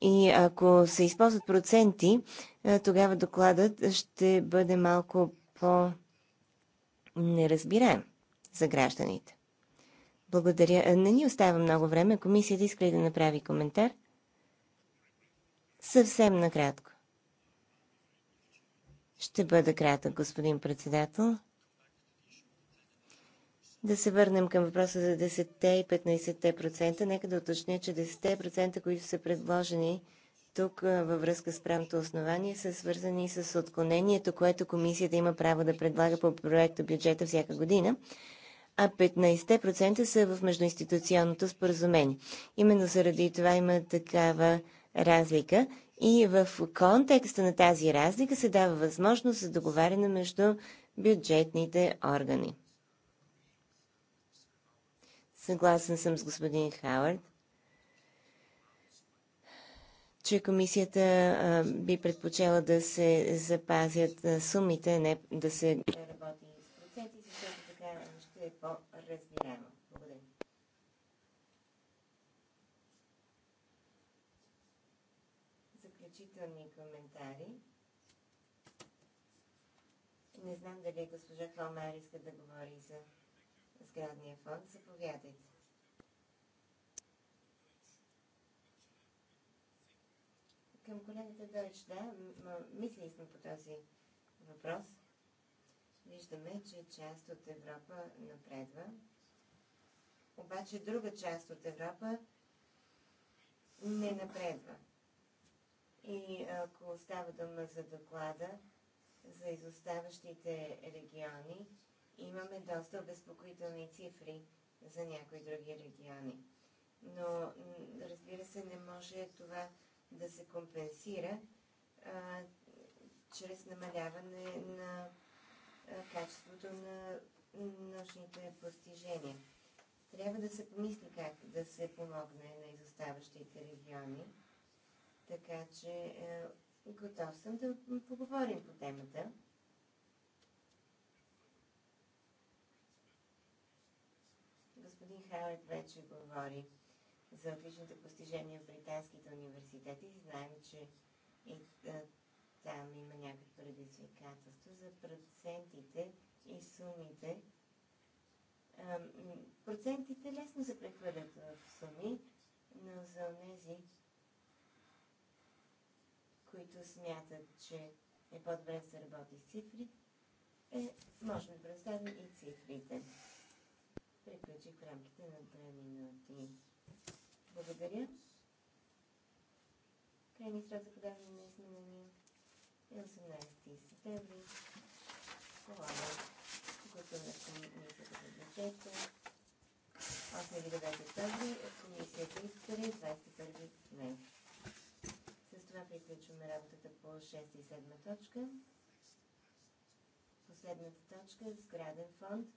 И ако се използват проценти, е, тогава докладът ще бъде малко по-неразбираем за гражданите. Благодаря. Е, не ни остава много време. Комисията иска ли да направи коментар? Съвсем накратко. Ще бъда кратък, господин председател. Да се върнем към въпроса за 10-те и 15%. Нека да уточня, че 10%, които са предложени тук във връзка с правното основание, са свързани с отклонението, което комисията има право да предлага по проекта бюджета всяка година, а 15% са в междуинституционното споразумение. Именно заради това има такава разлика и в контекста на тази разлика се дава възможност за договаряне между бюджетните органи. Съгласен съм с господин Хауърд, че комисията би предпочела да се запазят а, сумите, не да се работи с проценти, защото така ще е по-разбираемо. Благодаря. Заключителни коментари. Не знам дали госпожа Холмар иска да говори за сградния фонд. Заповядайте. Към колегата Дойч, да, мислили сме по този въпрос. Виждаме, че част от Европа напредва. Обаче друга част от Европа не напредва. И ако става дума за доклада за изоставащите региони, имаме доста обезпокоителни цифри за някои други региони. Но разбира се, не може това да се компенсира а, чрез намаляване на а, качеството на научните постижения. Трябва да се помисли как да се помогне на изоставащите региони, така че е, готов съм да поговорим по темата. Халет вече говори за отличните постижения в британските университети. Знаем, че и е, там има някакво предизвикателство за процентите и сумите. А, процентите лесно се прехвърлят в суми, но за тези, които смятат, че е по-добре да се работи с цифри, е, може да представим и цифрите приключи в рамките на 2 минути. Благодаря. Крайни срок за подаване на изменения е 18 септември. Полага гласуване в комисията за бюджета. 8 или 9 октомври от комисията и 21 май. С това приключваме работата по 6 и 7 точка. Последната точка е сграден фонд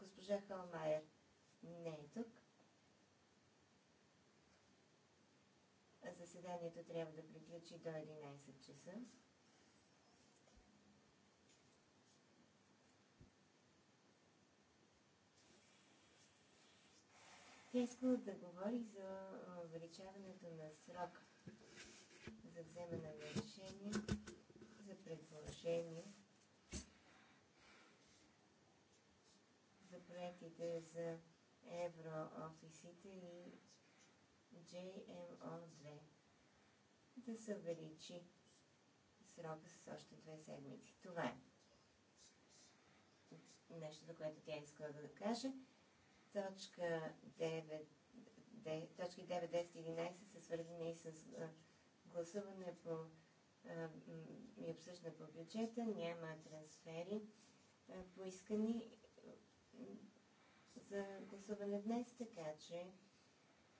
Госпожа Халмайер не е тук. Заседанието трябва да приключи до 11 часа. Тя искала да говори за увеличаването на срока за вземане на решение, за предложение. проектите за евроофисите и JMO2 да се увеличи срока с още две седмици. Това е нещото, което тя искала да каже. Точка 9, точки 9, 10 и 11 са свързани с гласуване по и обсъждане по бюджета. Няма трансфери поискани за гласуване днес, така че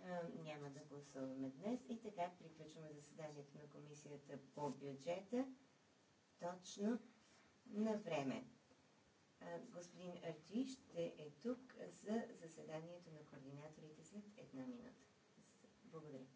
а, няма да гласуваме днес. И така приключваме заседанието на комисията по бюджета точно на време. А, господин Арти ще е тук за заседанието на координаторите след една минута. Благодаря.